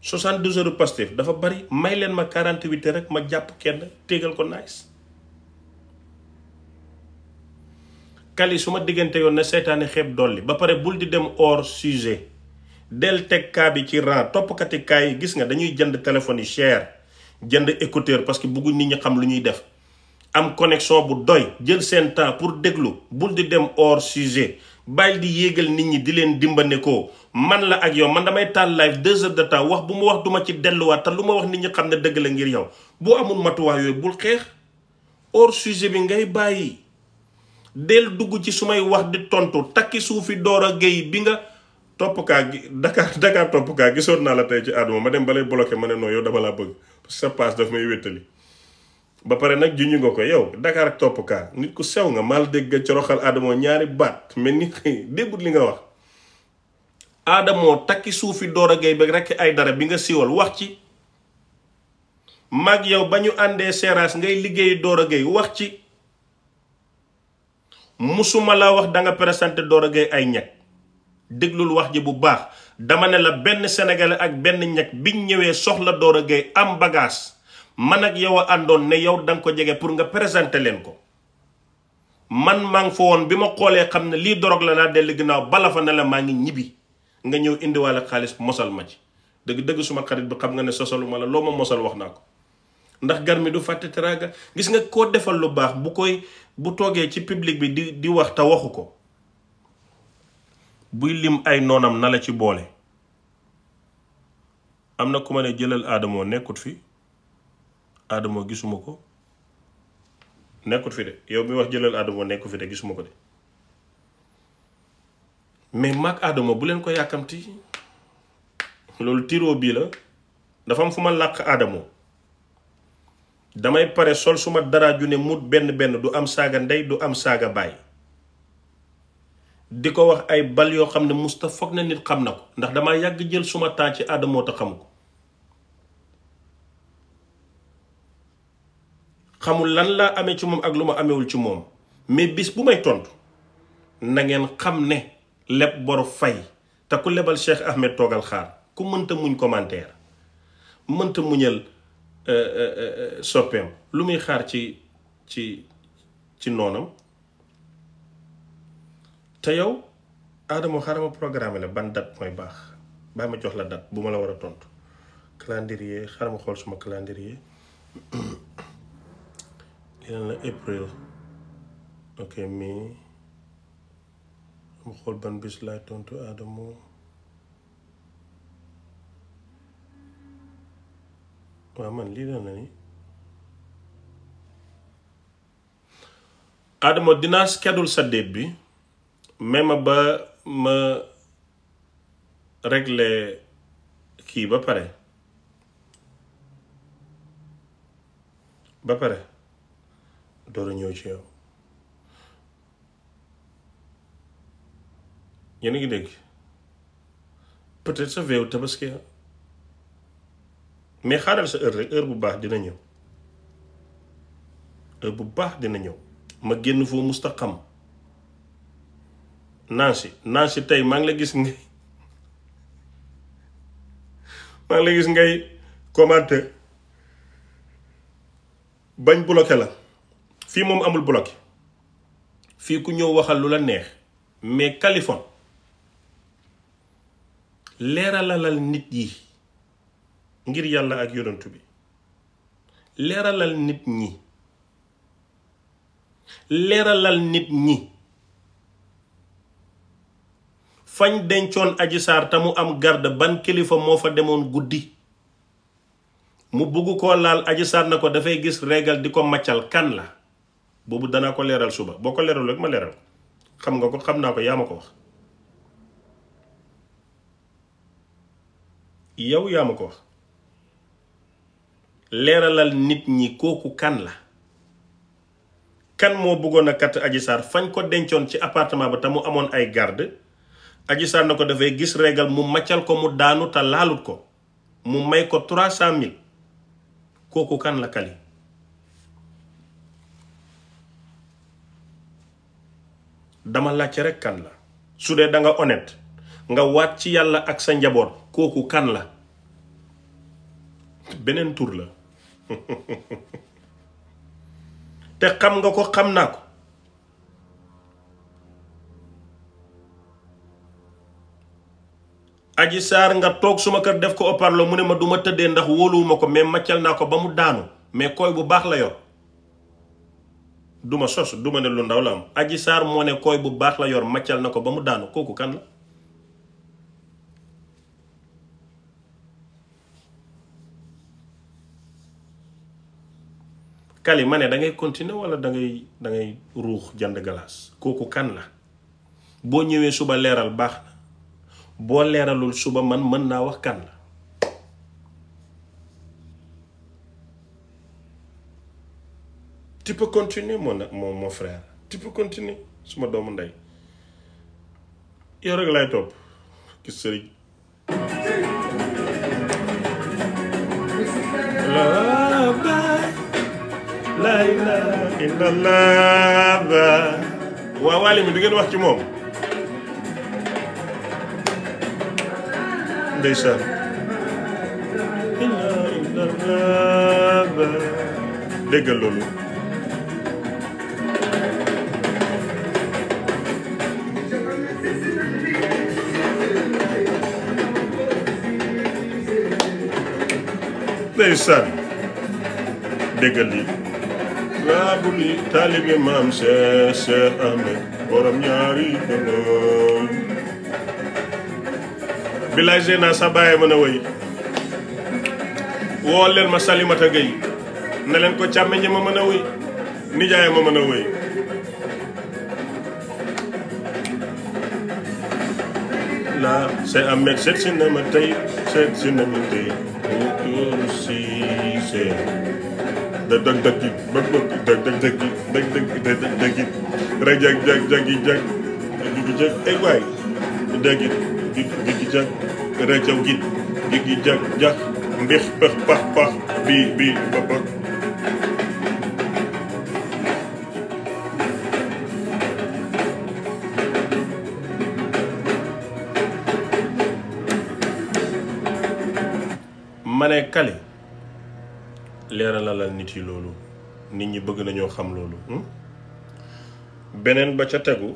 soixante-douze heures Pastef dafa bari may leen ma quarante-huit rek ma jàpp kenn tégal ko nice kali su ma diggante yoon na seytaane xeeb dolli ba pare bul di dem or sujet del teg kaa bi ci rang toppkati yi gis nga dañuy jënd téléphone yi cher jënd écouteur parce que bëgguñ nit ñi xam lu ñuy def am connexion bu doy jël seen temps pour déglu bul di dem or sujet bàyyil di yéegal nit ñi di leen dimbane ko man la ak yow man damay taal live deux heures de temps wax bu ma wax duma ci delluwaat te lu ma wax nit ñi xam ne dëgg la ngir yow boo amul matuwaay yooyu bul xeex hors sujet bi ngay bàyyi del dugg ci su may wax di tontu takki suufi door a géey bi nga topp kaa gi Dakar Dakar topp kaa gisoon naa la tey ci àdduma ma dem balay bloqué ma ne non yow dama laa bëgg parce que sa passe daf may wéttali ba pare nag juñu nga ko yow Dakar ak topp kaa nit ku sew nga mal dégg nga coroxal Adamo ñaari baat mel ni déggut li nga wax Adamo takki suufi Doro Gueye ba rekk ay dara bi nga siiwal wax ci mag yow ba ñu àndee seeraas ngay liggéey Doro Gueye wax ci musuma laa wax danga nga présenté Doro Gueye ay ñag déglul wax ji bu baax dama ne la benn sénégalais ak benn ñag biñ ñëwee soxla Doro Gueye am bagage man ak yow a àndoon ne yow danga ko jege pour nga présenter leen ko man maa ngi fa woon bi ma xoolee xam ne lii dorog la naa dellu ginnaaw bala fa ne la maa ngi ñibbi nga ñëw indiwaale xaalis mosal ma ci dëgg dëgg suma xarit bi xam nga ne sosaluma la loo ma mosal wax naa ko ndax gar du fàtte traga gis nga koo defal lu baax bu koy bu toogee ci public bi di di wax te waxu ko buy lim ay noonam na la ci boole am na ku ma ne jëlal aadamoo nekkut fi Adamo gisuma ko nekkut fi de yow bi wax jëlal Adamo nekku fi de gisuma ko de mais mag Adamo bu leen ko yàkkamti loolu tiro bii la dafa am fu ma làq Adamo damay pare sol suma dara ju ne mut benn benn du am saaga ndey du am saaga baay di ko wax ay bal yoo xam ne musta foog na nit xam na ko ndax dama yàgg jël suma temps ci Adamo te xamu ko xamul lan laa amee ci moom ak lu ma amewul ci moom mais bis bu may tontu na ngeen xam ne leb boru fay te lebal Cheikh Ahmed toogal xaar ku mënta muñ commentaire mënta muñal euh, euh, euh, soppeem lu muy xaar ci ci ci noonam te yow Adamo xaaral ma programme la ban date mooy baax bàyyi ma jox la date bu ma la war a tontu calendrier xaaral ma xool suma calendrier yeneen la april ok mii mu xool ban bis laay tontu Adamo waaw man lii la ni Adamo dinaa schedule sa date bi ma ba ma régler kii ba pare ba pare door a ñëw ci yow yéen a ngi dégg peut-être sa veew tabaski mais xaaral sa heure rek heure bu baax dina ñëw heure bu baax dina ñëw ma génn foo mustaqam Nancy si tey maa ngi la gis ngay maa ngi la gis ngay commenter bañ bloqué la fii moom amul bloqué fii ku ñëw waxal lu la neex mais Kaliphone leeralalal nit yi ngir yàlla ak yonent bi leeralal nit ñi leeralal nit ñi fañ dencoon Adji te mu am garde ban kilifa moo fa demoon guddi mu bugg ko laal Adji na ko dafay gis régal di ko màccal kan la boobu danaa ko leeral suba boo ko leeral rek ma leeral ko xam nga ko xam naa ko yaa ma ko wax yow yaa ma ko wax leeralal nit ñi kooku kan la kan moo bëggoon a katt Adji fañ ko dencoon ci appartement ba te mu amoon ay garde Adji na ko dafay gis régal mu maccal ko mu daanu te laalut ko mu may ko trois cent mille kooku kan la kali dama laajte rek kan la su dee da nga honnête nga waat ci yàlla ak sa njaboot kooku kan la beneen tur la te xam nga ko xam naa ko aji saar nga toog suma kër def ko oparlo mu ne ma duma tëddee ndax wóoluwuma ko mais maccal naa ko ba mu daanu mais koy bu baax la yor duma ma sos du ne lu ndaw la am aji saar moo ne koy bu baax la yor màccal na ko ba mu daanu kooku kan la kali ma ne da ngay continuer walla dangay dangay da ruux jënd galaas kooku kan la boo ñëwee suba leeral baax na boo leeralul suba man mën naa wax kan la tu peux continuer mon mon mon frère tu peux continuer suma doomu ndey yow rek lay topp gis sëriñ la la ilaha illallah waaw Wally mi du ngeen wax ci moom ndeysaan déggal loolu ndeysaan déggal lii laa bu li taalibe maam Cheikh Cheikh Ahmed borom ñaari kanam bilaay Zeyna sa bàyyi mën a woy woo leen ma Salimata Gueye ne leen ko càmmeñe ma mën a woy nijaay ma mën a woy laa seet si na ma tey seet si na ma tey Cissé da dag dag gi ba bëgg dag dag dag gi dag dag dag dag gi rek jag jag jag jag gi gi ay waay dag gi gi gi gi jag rek jag mbix pax pax pax bi bi ba pax ma ne kali leeralalal nit yi loolu nit ñi bëgg nañoo xam loolu hmm? beneen ba ca tegu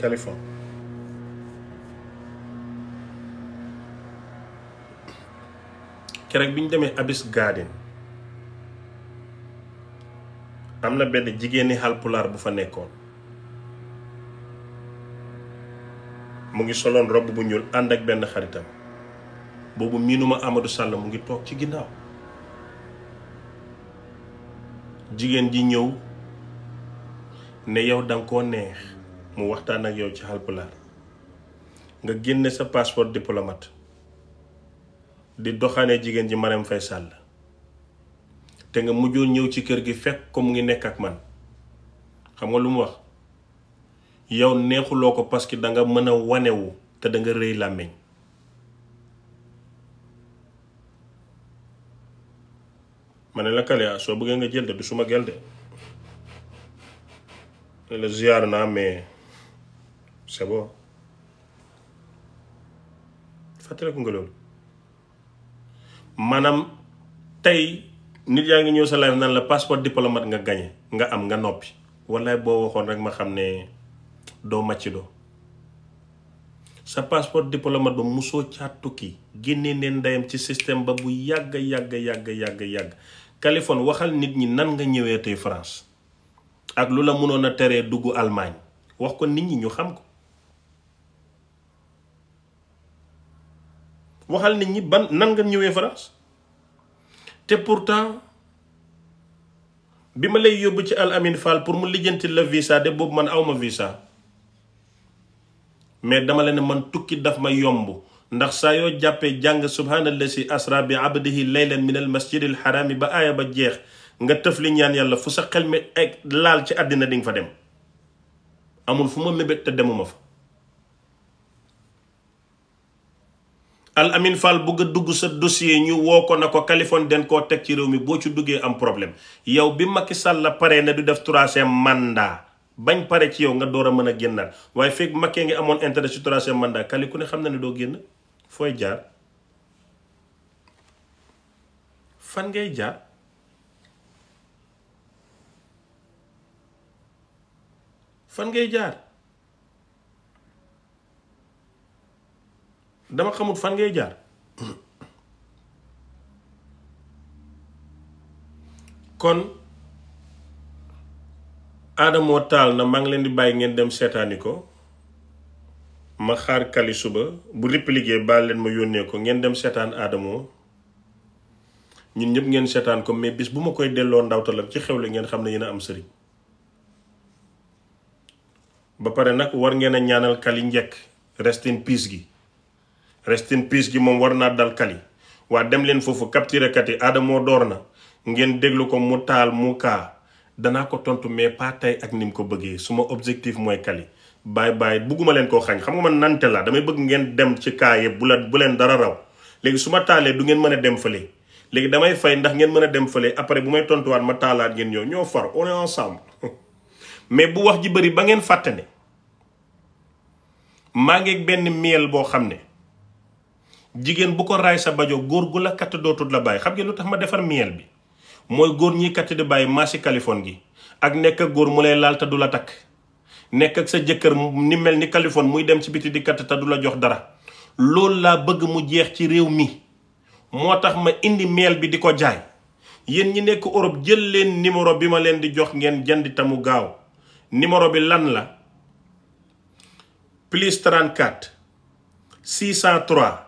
Kaliphone keroog bi ñu demee abis Garden am na benn jigéeni xalpulaar bu fa nekkoon mu ngi soloon robb bu ñuul ànd ak benn xaritam boobu miinuma amatu Sall mu ngi toog ci ginnaaw jigéen ji ñëw ne yow danga koo neex mu waxtaan ak yow ci xalpulaar nga génne sa passeport diplomate di doxaanee jigéen ji Marème fay sàll te nga mujjoon ñëw ci kër gi fekk ko mu ngi nekk ak man xam nga lu mu wax yow neexuloo ko parce que da nga mën a wanewu te da nga rëy làmmiñ ne la Kaleya ah, soo bëggee nga jël de du suma gel de la ziar naa mais c'est bon fàttaliku nga loolu maanaam tey nit yaa ngi ñëw sa live nan la passeport diplomate nga gañe nga am nga noppi wallaay boo waxoon rek ma xam ne doo màcc doo sa passeport diplomate ba musoo caa tukki génnee neen ndeyam ci système ba bu yàgg yàgg yàgg yàgg yàgg Californie waxal nit ñi nan nga ñëwee tey France ak lu la mënoon a teree dugg Allemagne wax ko nit ñi ñu xam ko waxal nit ñi ban nan nga ñëwee France te pourtant bi ma lay yóbbu ci Al Amin Fall pour mu lijjanti la visa de boobu man awma visa mais dama la ne man tukki dafa ma yomb ndax saa yoo jàppee jàng subhaanallazi asra bi abdihi laylan min al masjidil xaraami ba aaya ba jeex nga tëf li ñaan yàlla fu sa xel mi egg laal ci àddina dinga fa dem amul fu ma mébét te demuma fa al amin fall bëgg a dugg sa dossier ñu woo ko na ko kalifon den koo teg ci réew mi boo ci duggee am problème yow bi Macky Sall la paree ne du def troisième mandat bañ pare ci yow nga door a mën a génnaat waaye fekk Macky ngi amoon intérêt ci troisième mandat Kali ku ne xam na ne doo génn fooy jaar fan ngay jaar fan ngay jaar dama xamul fan ngay jaar kon aadamoo taal na maa ngi leen di bàyyi ngeen dem seetaani ko ma xaar kali suba bu liggéey baal leen ma yónnee ko ngeen dem seetaan aadamoo ñun ñëpp ngeen seetaan ko mais bis bu ma koy delloo ndawtal ak ci xewle ngeen xam ne yéen am sëriñ ba pare nag war ngeen a ñaanal kali njekk rest piis gi rest in peace gi moom war naa dal kali waa dem leen foofu capture kat yi aadamoo door na ngeen déglu ko mu taal mu kaa danaa ko tontu mais pas tey ak ni mu ko bëggee suma objectif mooy kali bàyyi bàyyi bugguma leen koo xañ xam nga man nante laa damay bëgg ngeen dem ci kaa yëpp bu la bu leen dara raw léegi su ma taalee du ngeen mën a dem fële léegi damay fay ndax ngeen mën a dem fële après bu may tontuwaat ma taalaat ngeen ñëw ñoo far on est ensemble mais bu wax ji bëri ba ngeen fàtte ne maa ngi benn miel boo xam ne jigéen bu ko raay sa bajo góor gu la katt dootul la bàyyi xam ngeen lu tax ma defar miel bi mooy góor ñiy katt di bàyyi maasi Californie gi ak nekk góor mu lay laal te du la takk nekk ak sa jëkkër ni mel ni kalifon muy dem ci biti di katt te du la jox dara loolu laa bëgg mu jeex ci réew mi moo tax ma indi miel bi di ko jaay yéen ñi nekk Europe jël leen numéro bi ma leen di jox ngeen jënd tamu gaaw numéro bi lan la plus 34 603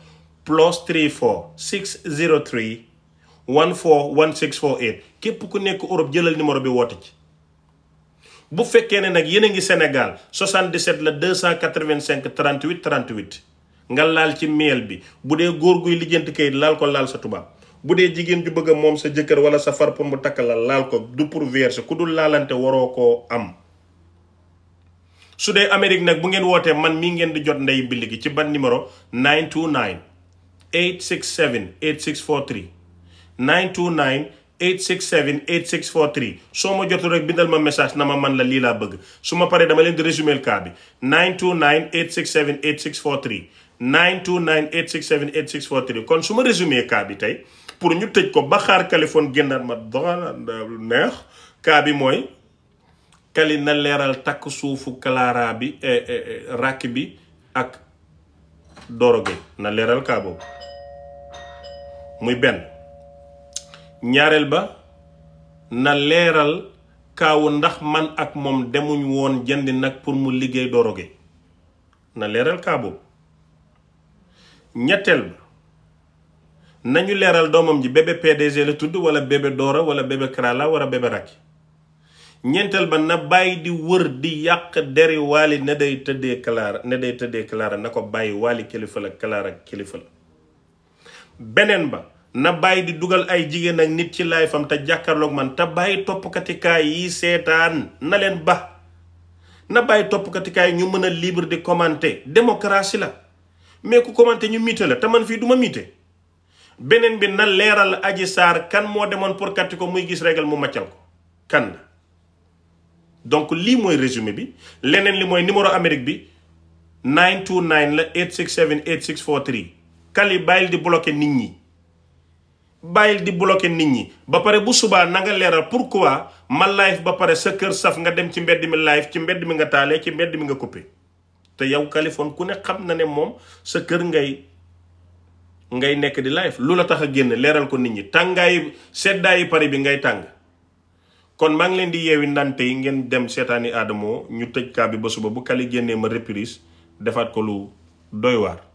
plus 34 603 14 1648 képp ku nekk Europe jëlal numéro bi woote ci bu fekkee ne nag yéen a ngi Sénégal 77 la 285 38 38 nga laal ci mail bi bu dee góor guy lijjanti kayit laal ko laal sa tubaab bu dee jigéen ju bëgg a moom sa jëkkër wala sa far pour mu takk la laal ko du pour verser ku dul laalante waroo koo am. su dee Amérique nag bu ngeen wootee man mii ngeen di jot ndey bill gi ci ban numéro 929. 867 8643 929 867 8643 soo ma jotul rek bindal ma message na ma man la lii laa bëgg su ma paree dama leen di résumé le cas bi 929 867 8643 929 867 8643 kon su ma résumé cas bi tey pour ñu tëj ko ba xaar Kaliphone génnaat ma doxal neex cas bi mooy Kali na leeral takk suufu Clara bi eh, eh, eh, rakk bi ak Doro Gueye na leeral cas muy benn ñaareel ba na leeral kaawu ndax man ak moom demuñu woon jëndi nag pour mu liggéey doroge na leeral kaa ñetteel ba nañu leeral doomam ji bébé PDG la tudd wala bébé Dora wala bébé Kralla wala bébé Racky ñeenteel ba na bàyyi di wër di yàq deri waali ne day tëddee Clara ne day tëddee Clara na ko bàyyi waali kilifa la Clara kilifa la beneen ba na bàyyi di dugal ay jigéen ak nit ci laay fam te jàkkaarloog man te bàyyi toppkatikaay yi seetaan na leen ba na bàyyi toppkatikaay ñu mën a libre di commenter démocratie la mais ku commenter ñu miite la te man fii du ma miite beneen bi na leeral aji saar kan moo demoon pour katti ko muy gis régal mu maccal ko kan la donc lii mooy résumé bi leneen li mooy numéro Amérique bi 929 la 867 8643 kali bàyyil di bloquer nit ñi bàyyil di bloquer nit ñi ba pare bu subaa na nga leeral pourquoi ma live ba pare sa kër saf nga dem ci mbedd mi live ci mbedd mi nga taalee ci mbedd mi nga coupé te yow Kaliphone ku ne xam na ne moom sa kër ngay ngay nekk di live lu la tax a génn leeral ko nit ñi tàngaay seddaayu pare bi ngay tàng kon maa leen di yeewi ndante yi ngeen dem seetaani aadamoo ñu tëj kaa bi ba suba bu Kali génnee ma reprise defaat ko lu doy waar